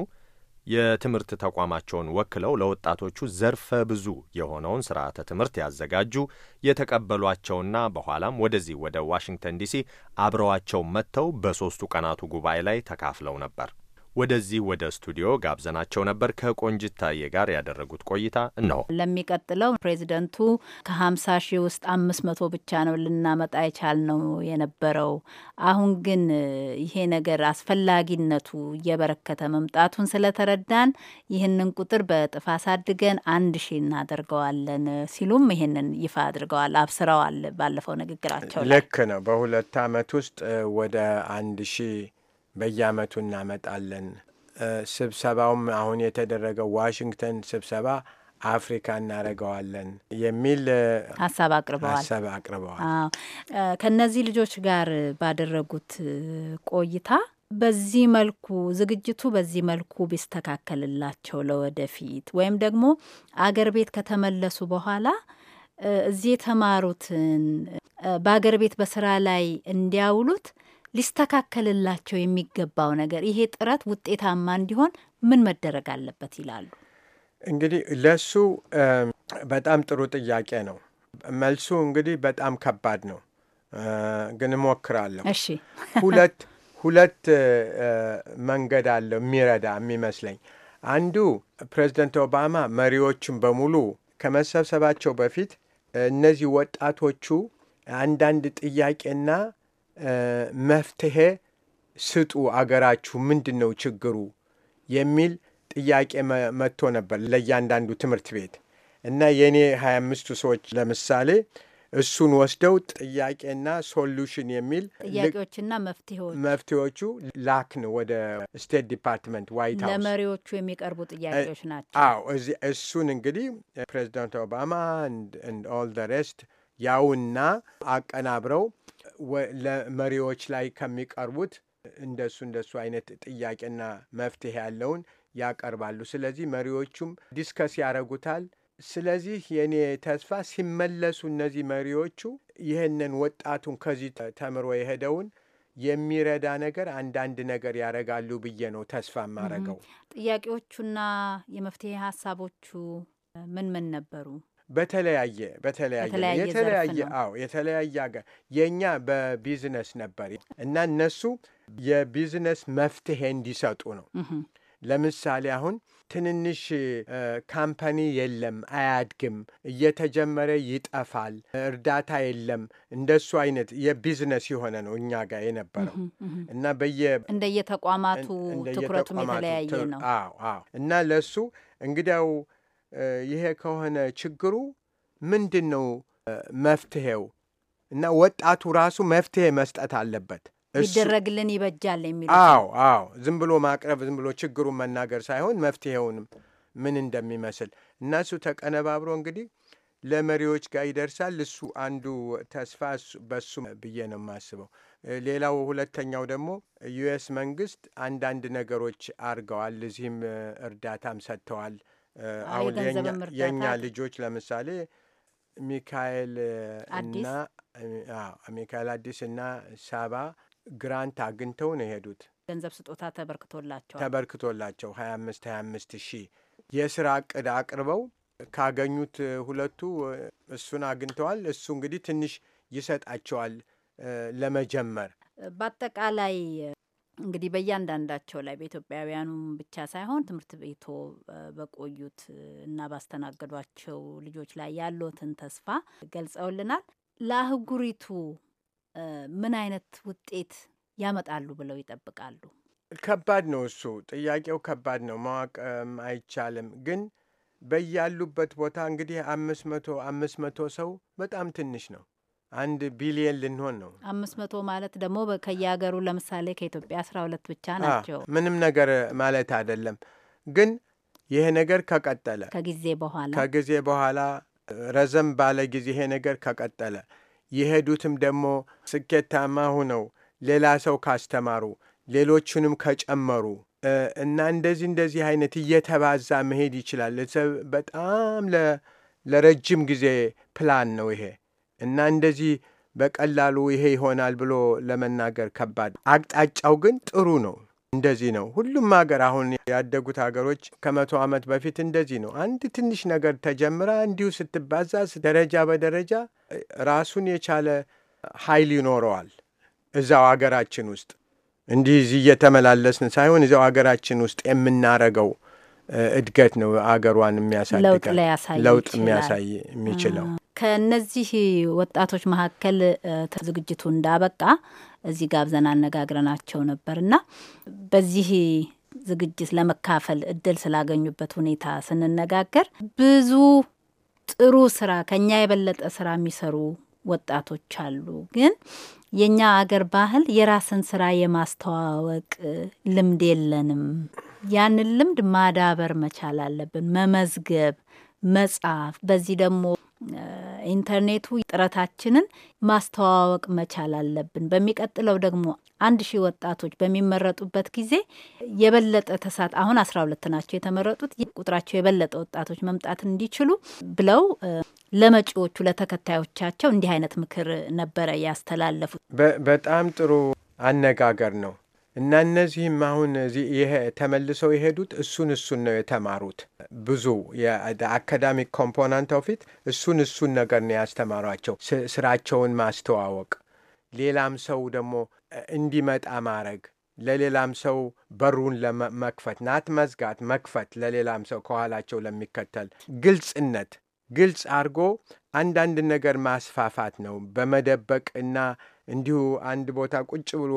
የትምህርት ተቋማቸውን ወክለው ለወጣቶቹ ዘርፈ ብዙ የሆነውን ስርዓተ ትምህርት ያዘጋጁ የተቀበሏቸውና በኋላም ወደዚህ ወደ ዋሽንግተን ዲሲ አብረዋቸው መጥተው በሦስቱ ቀናቱ ጉባኤ ላይ ተካፍለው ነበር። ወደዚህ ወደ ስቱዲዮ ጋብዘናቸው ነበር። ከቆንጅት ታዬ ጋር ያደረጉት ቆይታ ነው። ለሚቀጥለው ፕሬዚደንቱ ከሀምሳ ሺህ ውስጥ አምስት መቶ ብቻ ነው ልናመጣ የቻልነው የነበረው። አሁን ግን ይሄ ነገር አስፈላጊነቱ እየበረከተ መምጣቱን ስለተረዳን ይህንን ቁጥር በእጥፍ አሳድገን አንድ ሺህ እናደርገዋለን ሲሉም ይህንን ይፋ አድርገዋል፣ አብስረዋል። ባለፈው ንግግራቸው ልክ ነው። በሁለት አመት ውስጥ ወደ አንድ ሺህ በየአመቱ እናመጣለን። ስብሰባውም አሁን የተደረገው ዋሽንግተን ስብሰባ አፍሪካ እናደርገዋለን የሚል ሀሳብ አቅርበዋል ሀሳብ አቅርበዋል። ከእነዚህ ልጆች ጋር ባደረጉት ቆይታ በዚህ መልኩ ዝግጅቱ በዚህ መልኩ ቢስተካከልላቸው ለወደፊት ወይም ደግሞ አገር ቤት ከተመለሱ በኋላ እዚህ የተማሩትን በአገር ቤት በስራ ላይ እንዲያውሉት ሊስተካከልላቸው የሚገባው ነገር ይሄ ጥረት ውጤታማ እንዲሆን ምን መደረግ አለበት ይላሉ? እንግዲህ ለሱ በጣም ጥሩ ጥያቄ ነው። መልሱ እንግዲህ በጣም ከባድ ነው፣ ግን እሞክራለሁ። እሺ ሁለት ሁለት መንገድ አለው የሚረዳ የሚመስለኝ። አንዱ ፕሬዚደንት ኦባማ መሪዎችን በሙሉ ከመሰብሰባቸው በፊት እነዚህ ወጣቶቹ አንዳንድ ጥያቄና መፍትሄ ስጡ፣ አገራችሁ ምንድን ነው ችግሩ የሚል ጥያቄ መጥቶ ነበር ለእያንዳንዱ ትምህርት ቤት እና የእኔ 25ቱ ሰዎች ለምሳሌ እሱን ወስደው ጥያቄና ሶሉሽን የሚል ጥያቄዎችና መፍትሄዎቹ ላክን ወደ ስቴት ዲፓርትመንት ዋይት ሀውስ ለመሪዎቹ የሚቀርቡ ጥያቄዎች ናቸው። አዎ እሱን እንግዲህ ፕሬዚዳንት ኦባማ ኦል ደ ሬስት ያውና አቀናብረው ለመሪዎች ላይ ከሚቀርቡት እንደሱ እንደሱ አይነት ጥያቄና መፍትሄ ያለውን ያቀርባሉ። ስለዚህ መሪዎቹም ዲስከስ ያደርጉታል። ስለዚህ የኔ ተስፋ ሲመለሱ እነዚህ መሪዎቹ ይህንን ወጣቱን ከዚህ ተምሮ የሄደውን የሚረዳ ነገር አንዳንድ ነገር ያደርጋሉ ብዬ ነው ተስፋ የማረገው ጥያቄዎቹና የመፍትሄ ሀሳቦቹ ምን ምን ነበሩ? በተለያየ በተለያየ የተለያየ አዎ የተለያየ ሀገር የእኛ በቢዝነስ ነበር እና እነሱ የቢዝነስ መፍትሄ እንዲሰጡ ነው። ለምሳሌ አሁን ትንንሽ ካምፓኒ የለም፣ አያድግም፣ እየተጀመረ ይጠፋል፣ እርዳታ የለም። እንደሱ አይነት የቢዝነስ የሆነ ነው እኛ ጋር የነበረው እና በየ እንደየተቋማቱ ትኩረቱም የተለያየ ነው። አዎ አዎ እና ለሱ እንግዲያው ይሄ ከሆነ ችግሩ ምንድን ነው መፍትሄው? እና ወጣቱ ራሱ መፍትሄ መስጠት አለበት። ይደረግልን ይበጃል የሚሉ አዎ፣ አዎ፣ ዝም ብሎ ማቅረብ ዝም ብሎ ችግሩን መናገር ሳይሆን መፍትሄውንም ምን እንደሚመስል እና እሱ ተቀነባብሮ እንግዲህ ለመሪዎች ጋር ይደርሳል። እሱ አንዱ ተስፋ በሱ ብዬ ነው የማስበው። ሌላው ሁለተኛው ደግሞ ዩኤስ መንግስት አንዳንድ ነገሮች አድርገዋል። እዚህም እርዳታም ሰጥተዋል። አሁን የእኛ ልጆች ለምሳሌ ሚካኤል እና ሚካኤል አዲስ እና ሳባ ግራንት አግኝተው ነው የሄዱት። ገንዘብ ስጦታ ተበርክቶላቸው ተበርክቶላቸው ሀያ አምስት ሀያ አምስት ሺህ የስራ እቅድ አቅርበው ካገኙት ሁለቱ እሱን አግኝተዋል። እሱ እንግዲህ ትንሽ ይሰጣቸዋል ለመጀመር በአጠቃላይ እንግዲህ በእያንዳንዳቸው ላይ በኢትዮጵያውያኑ ብቻ ሳይሆን ትምህርት ቤቶ በቆዩት እና ባስተናገዷቸው ልጆች ላይ ያሉትን ተስፋ ገልጸውልናል። ለአህጉሪቱ ምን አይነት ውጤት ያመጣሉ ብለው ይጠብቃሉ? ከባድ ነው እሱ ጥያቄው፣ ከባድ ነው ማወቅ አይቻልም። ግን በያሉበት ቦታ እንግዲህ አምስት መቶ አምስት መቶ ሰው በጣም ትንሽ ነው አንድ ቢሊየን ልንሆን ነው። አምስት መቶ ማለት ደግሞ ከየሀገሩ ለምሳሌ ከኢትዮጵያ አስራ ሁለት ብቻ ናቸው። ምንም ነገር ማለት አይደለም። ግን ይሄ ነገር ከቀጠለ ከጊዜ በኋላ ከጊዜ በኋላ ረዘም ባለ ጊዜ ይሄ ነገር ከቀጠለ የሄዱትም ደግሞ ስኬታማ ሆነው ሌላ ሰው ካስተማሩ ሌሎቹንም ከጨመሩ እና እንደዚህ እንደዚህ አይነት እየተባዛ መሄድ ይችላል። በጣም ለረጅም ጊዜ ፕላን ነው ይሄ። እና እንደዚህ በቀላሉ ይሄ ይሆናል ብሎ ለመናገር ከባድ። አቅጣጫው ግን ጥሩ ነው። እንደዚህ ነው ሁሉም ሀገር፣ አሁን ያደጉት ሀገሮች ከመቶ ዓመት በፊት እንደዚህ ነው። አንድ ትንሽ ነገር ተጀምራ እንዲሁ ስትባዛ ደረጃ በደረጃ ራሱን የቻለ ኃይል ይኖረዋል። እዛው ሀገራችን ውስጥ እንዲህ እዚህ እየተመላለስን ሳይሆን እዚያው ሀገራችን ውስጥ የምናረገው እድገት ነው አገሯን የሚያሳድግ ለውጥ የሚያሳይ የሚችለው። ከእነዚህ ወጣቶች መካከል ዝግጅቱ እንዳበቃ እዚህ ጋብዘን አነጋግረናቸው ነበር እና በዚህ ዝግጅት ለመካፈል እድል ስላገኙበት ሁኔታ ስንነጋገር ብዙ ጥሩ ስራ ከኛ የበለጠ ስራ የሚሰሩ ወጣቶች አሉ። ግን የእኛ አገር ባህል የራስን ስራ የማስተዋወቅ ልምድ የለንም ያንን ልምድ ማዳበር መቻል አለብን። መመዝገብ፣ መጻፍ። በዚህ ደግሞ ኢንተርኔቱ ጥረታችንን ማስተዋወቅ መቻል አለብን። በሚቀጥለው ደግሞ አንድ ሺህ ወጣቶች በሚመረጡበት ጊዜ የበለጠ ተሳት አሁን አስራ ሁለት ናቸው የተመረጡት ቁጥራቸው የበለጠ ወጣቶች መምጣት እንዲችሉ ብለው ለመጪዎቹ ለተከታዮቻቸው እንዲህ አይነት ምክር ነበረ ያስተላለፉት። በጣም ጥሩ አነጋገር ነው። እና እነዚህም አሁን ተመልሰው የሄዱት እሱን እሱን ነው የተማሩት። ብዙ አካዳሚክ ኮምፖናንት ኦፊት እሱን እሱን ነገር ነው ያስተማሯቸው። ስራቸውን ማስተዋወቅ፣ ሌላም ሰው ደግሞ እንዲመጣ ማድረግ፣ ለሌላም ሰው በሩን ለመክፈት ናት መዝጋት፣ መክፈት ለሌላም ሰው ከኋላቸው ለሚከተል ግልጽነት፣ ግልጽ አድርጎ አንዳንድ ነገር ማስፋፋት ነው በመደበቅና እንዲሁ አንድ ቦታ ቁጭ ብሎ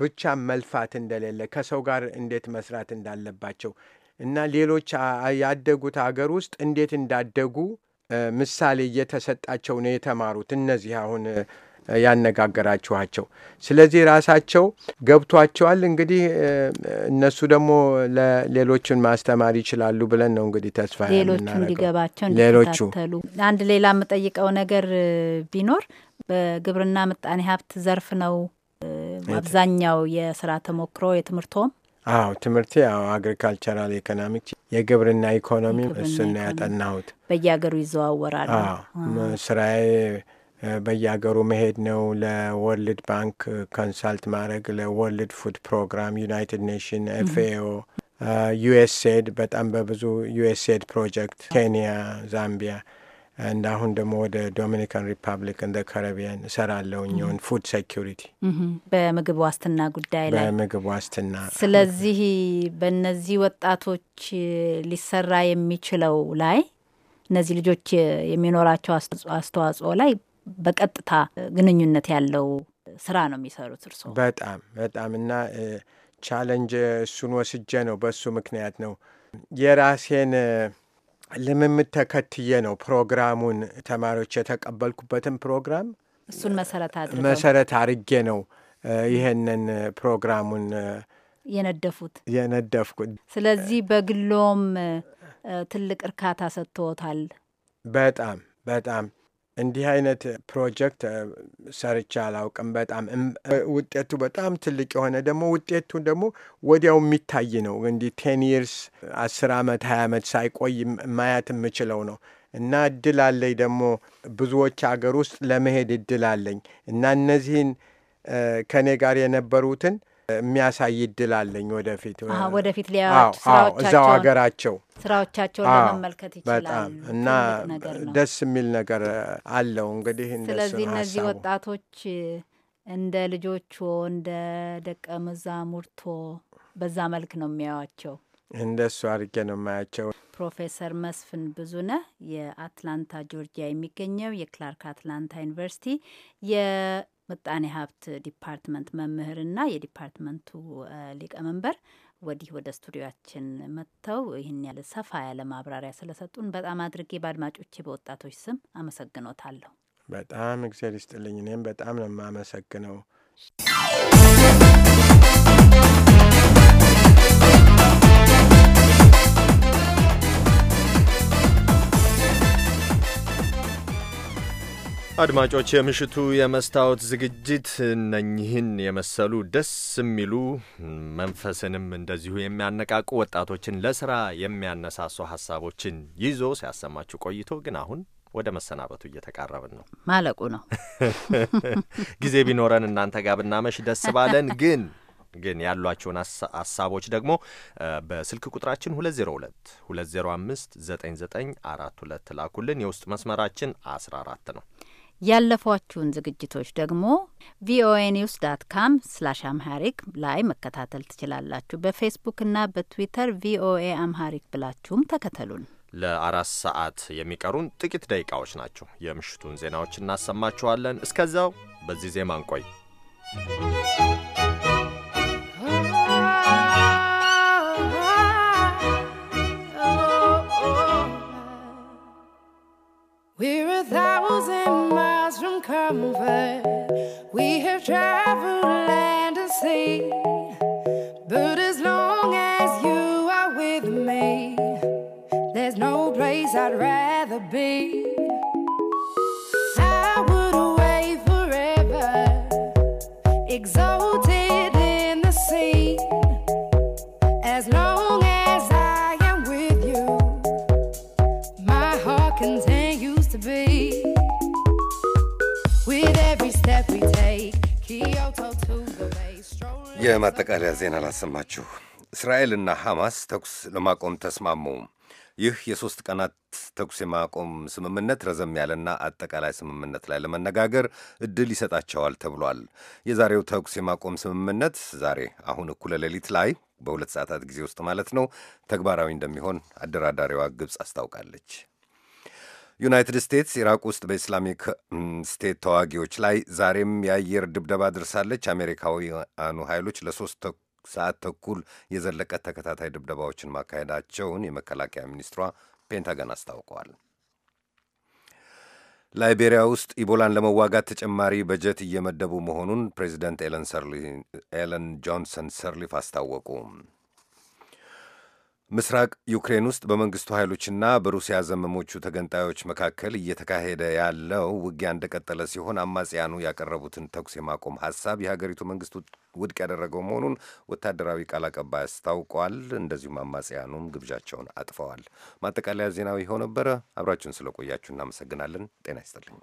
ብቻ መልፋት እንደሌለ ከሰው ጋር እንዴት መስራት እንዳለባቸው እና ሌሎች ያደጉት ሀገር ውስጥ እንዴት እንዳደጉ ምሳሌ እየተሰጣቸው ነው የተማሩት እነዚህ አሁን ያነጋገራችኋቸው። ስለዚህ ራሳቸው ገብቷቸዋል። እንግዲህ እነሱ ደግሞ ለሌሎችን ማስተማር ይችላሉ ብለን ነው እንግዲህ ተስፋ ሌሎቹ እንዲገባቸው እንዲከታተሉ አንድ ሌላ የምጠይቀው ነገር ቢኖር በግብርና ምጣኔ ሀብት ዘርፍ ነው አብዛኛው የስራ ተሞክሮ የትምህርቶም? አዎ ትምህርቴ ያው አግሪካልቸራል ኢኮኖሚክስ የግብርና ኢኮኖሚ እሱና ያጠናሁት። በየሀገሩ ይዘዋወራል። ስራዬ በየሀገሩ መሄድ ነው። ለወርልድ ባንክ ኮንሳልት ማድረግ፣ ለወርልድ ፉድ ፕሮግራም፣ ዩናይትድ ኔሽን፣ ኤፍኤኦ፣ ዩኤስኤድ በጣም በብዙ ዩኤስኤድ ፕሮጀክት፣ ኬንያ፣ ዛምቢያ እንደ አሁን ደግሞ ወደ ዶሚኒካን ሪፐብሊክ እንደ ካረቢያን እሰራለሁ እኛውን ፉድ ሴኪሪቲ በምግብ ዋስትና ጉዳይ ላይ በምግብ ዋስትና። ስለዚህ በእነዚህ ወጣቶች ሊሰራ የሚችለው ላይ እነዚህ ልጆች የሚኖራቸው አስተዋጽኦ ላይ በቀጥታ ግንኙነት ያለው ስራ ነው የሚሰሩት እርስዎ? በጣም በጣም እና ቻለንጅ እሱን ወስጄ ነው በእሱ ምክንያት ነው የራሴን ልምምድ ተከትዬ ነው ፕሮግራሙን ተማሪዎች የተቀበልኩበትን ፕሮግራም እሱን መሰረት አድርገው መሰረት አድርጌ ነው ይህንን ፕሮግራሙን የነደፉት የነደፍኩት። ስለዚህ በግሎም ትልቅ እርካታ ሰጥቶታል። በጣም በጣም እንዲህ አይነት ፕሮጀክት ሰርቻ አላውቅም። በጣም ውጤቱ በጣም ትልቅ የሆነ ደግሞ ውጤቱ ደግሞ ወዲያው የሚታይ ነው። እንዲህ ቴን ይርስ አስር ዓመት ሀያ ዓመት ሳይቆይ ማየት የምችለው ነው እና እድል አለኝ ደግሞ ብዙዎች አገር ውስጥ ለመሄድ እድል አለኝ እና እነዚህን ከእኔ ጋር የነበሩትን የሚያሳይ እድል አለኝ ወደፊት ወደፊት እዛው ሀገራቸው ስራዎቻቸውን ለመመልከት ይችላል። በጣም እና ደስ የሚል ነገር አለው እንግዲህ። ስለዚህ እነዚህ ወጣቶች እንደ ልጆቹ እንደ ደቀ መዛሙርቶ በዛ መልክ ነው የሚያዩዋቸው። እንደሱ አድርጌ ነው የማያቸው። ፕሮፌሰር መስፍን ብዙነህ የአትላንታ ጆርጂያ የሚገኘው የክላርክ አትላንታ ዩኒቨርሲቲ ምጣኔ ሀብት ዲፓርትመንት መምህርና የዲፓርትመንቱ ሊቀመንበር ወዲህ ወደ ስቱዲዮችን መጥተው ይህን ያለ ሰፋ ያለ ማብራሪያ ስለሰጡን በጣም አድርጌ በአድማጮቼ በወጣቶች ስም አመሰግኖታለሁ። በጣም እግዚአብሔር ይስጥልኝ። እኔም በጣም ነው የማመሰግነው። አድማጮች የምሽቱ የመስታወት ዝግጅት እነኚህን የመሰሉ ደስ የሚሉ መንፈስንም እንደዚሁ የሚያነቃቁ ወጣቶችን ለስራ የሚያነሳሱ ሀሳቦችን ይዞ ሲያሰማችሁ ቆይቶ ግን አሁን ወደ መሰናበቱ እየተቃረብን ነው። ማለቁ ነው። *laughs* ጊዜ ቢኖረን እናንተ ጋር ብናመሽ ደስ ባለን። ግን ግን ያሏቸውን ሀሳቦች ደግሞ በስልክ ቁጥራችን 202 205 9942 ላኩልን። የውስጥ መስመራችን 14 ነው። ያለፏችሁን ዝግጅቶች ደግሞ ቪኦኤ ኒውስ ዳት ካም ስላሽ አምሃሪክ ላይ መከታተል ትችላላችሁ። በፌስቡክና በትዊተር ቪኦኤ አምሃሪክ ብላችሁም ተከተሉን። ለአራት ሰዓት የሚቀሩን ጥቂት ደቂቃዎች ናቸው። የምሽቱን ዜናዎች እናሰማችኋለን። እስከዚያው በዚህ ዜማ እንቆይ። We're a thousand miles from comfort. We have traveled land and sea, but as long as you are with me, there's no place I'd rather be. የማጠቃለያ ዜና ላሰማችሁ። እስራኤልና ሐማስ ተኩስ ለማቆም ተስማሙ። ይህ የሦስት ቀናት ተኩስ የማቆም ስምምነት ረዘም ያለና አጠቃላይ ስምምነት ላይ ለመነጋገር እድል ይሰጣቸዋል ተብሏል። የዛሬው ተኩስ የማቆም ስምምነት ዛሬ አሁን እኩለ ሌሊት ላይ በሁለት ሰዓታት ጊዜ ውስጥ ማለት ነው ተግባራዊ እንደሚሆን አደራዳሪዋ ግብፅ አስታውቃለች። ዩናይትድ ስቴትስ ኢራቅ ውስጥ በኢስላሚክ ስቴት ተዋጊዎች ላይ ዛሬም የአየር ድብደባ አድርሳለች። አሜሪካውያኑ ኃይሎች ለሶስት ሰዓት ተኩል የዘለቀ ተከታታይ ድብደባዎችን ማካሄዳቸውን የመከላከያ ሚኒስትሯ ፔንታገን አስታውቀዋል። ላይቤሪያ ውስጥ ኢቦላን ለመዋጋት ተጨማሪ በጀት እየመደቡ መሆኑን ፕሬዚደንት ኤለን ጆንሰን ሰርሊፍ አስታወቁ። ምስራቅ ዩክሬን ውስጥ በመንግስቱ ኃይሎችና በሩሲያ ዘመሞቹ ተገንጣዮች መካከል እየተካሄደ ያለው ውጊያ እንደቀጠለ ሲሆን አማጽያኑ ያቀረቡትን ተኩስ የማቆም ሀሳብ የሀገሪቱ መንግስት ውድቅ ያደረገው መሆኑን ወታደራዊ ቃል አቀባይ አስታውቋል። እንደዚሁም አማጽያኑም ግብዣቸውን አጥፈዋል። ማጠቃለያ ዜናዊ ይኸው ነበረ። አብራችሁን ስለቆያችሁ እናመሰግናለን። ጤና ይስጥልኝ።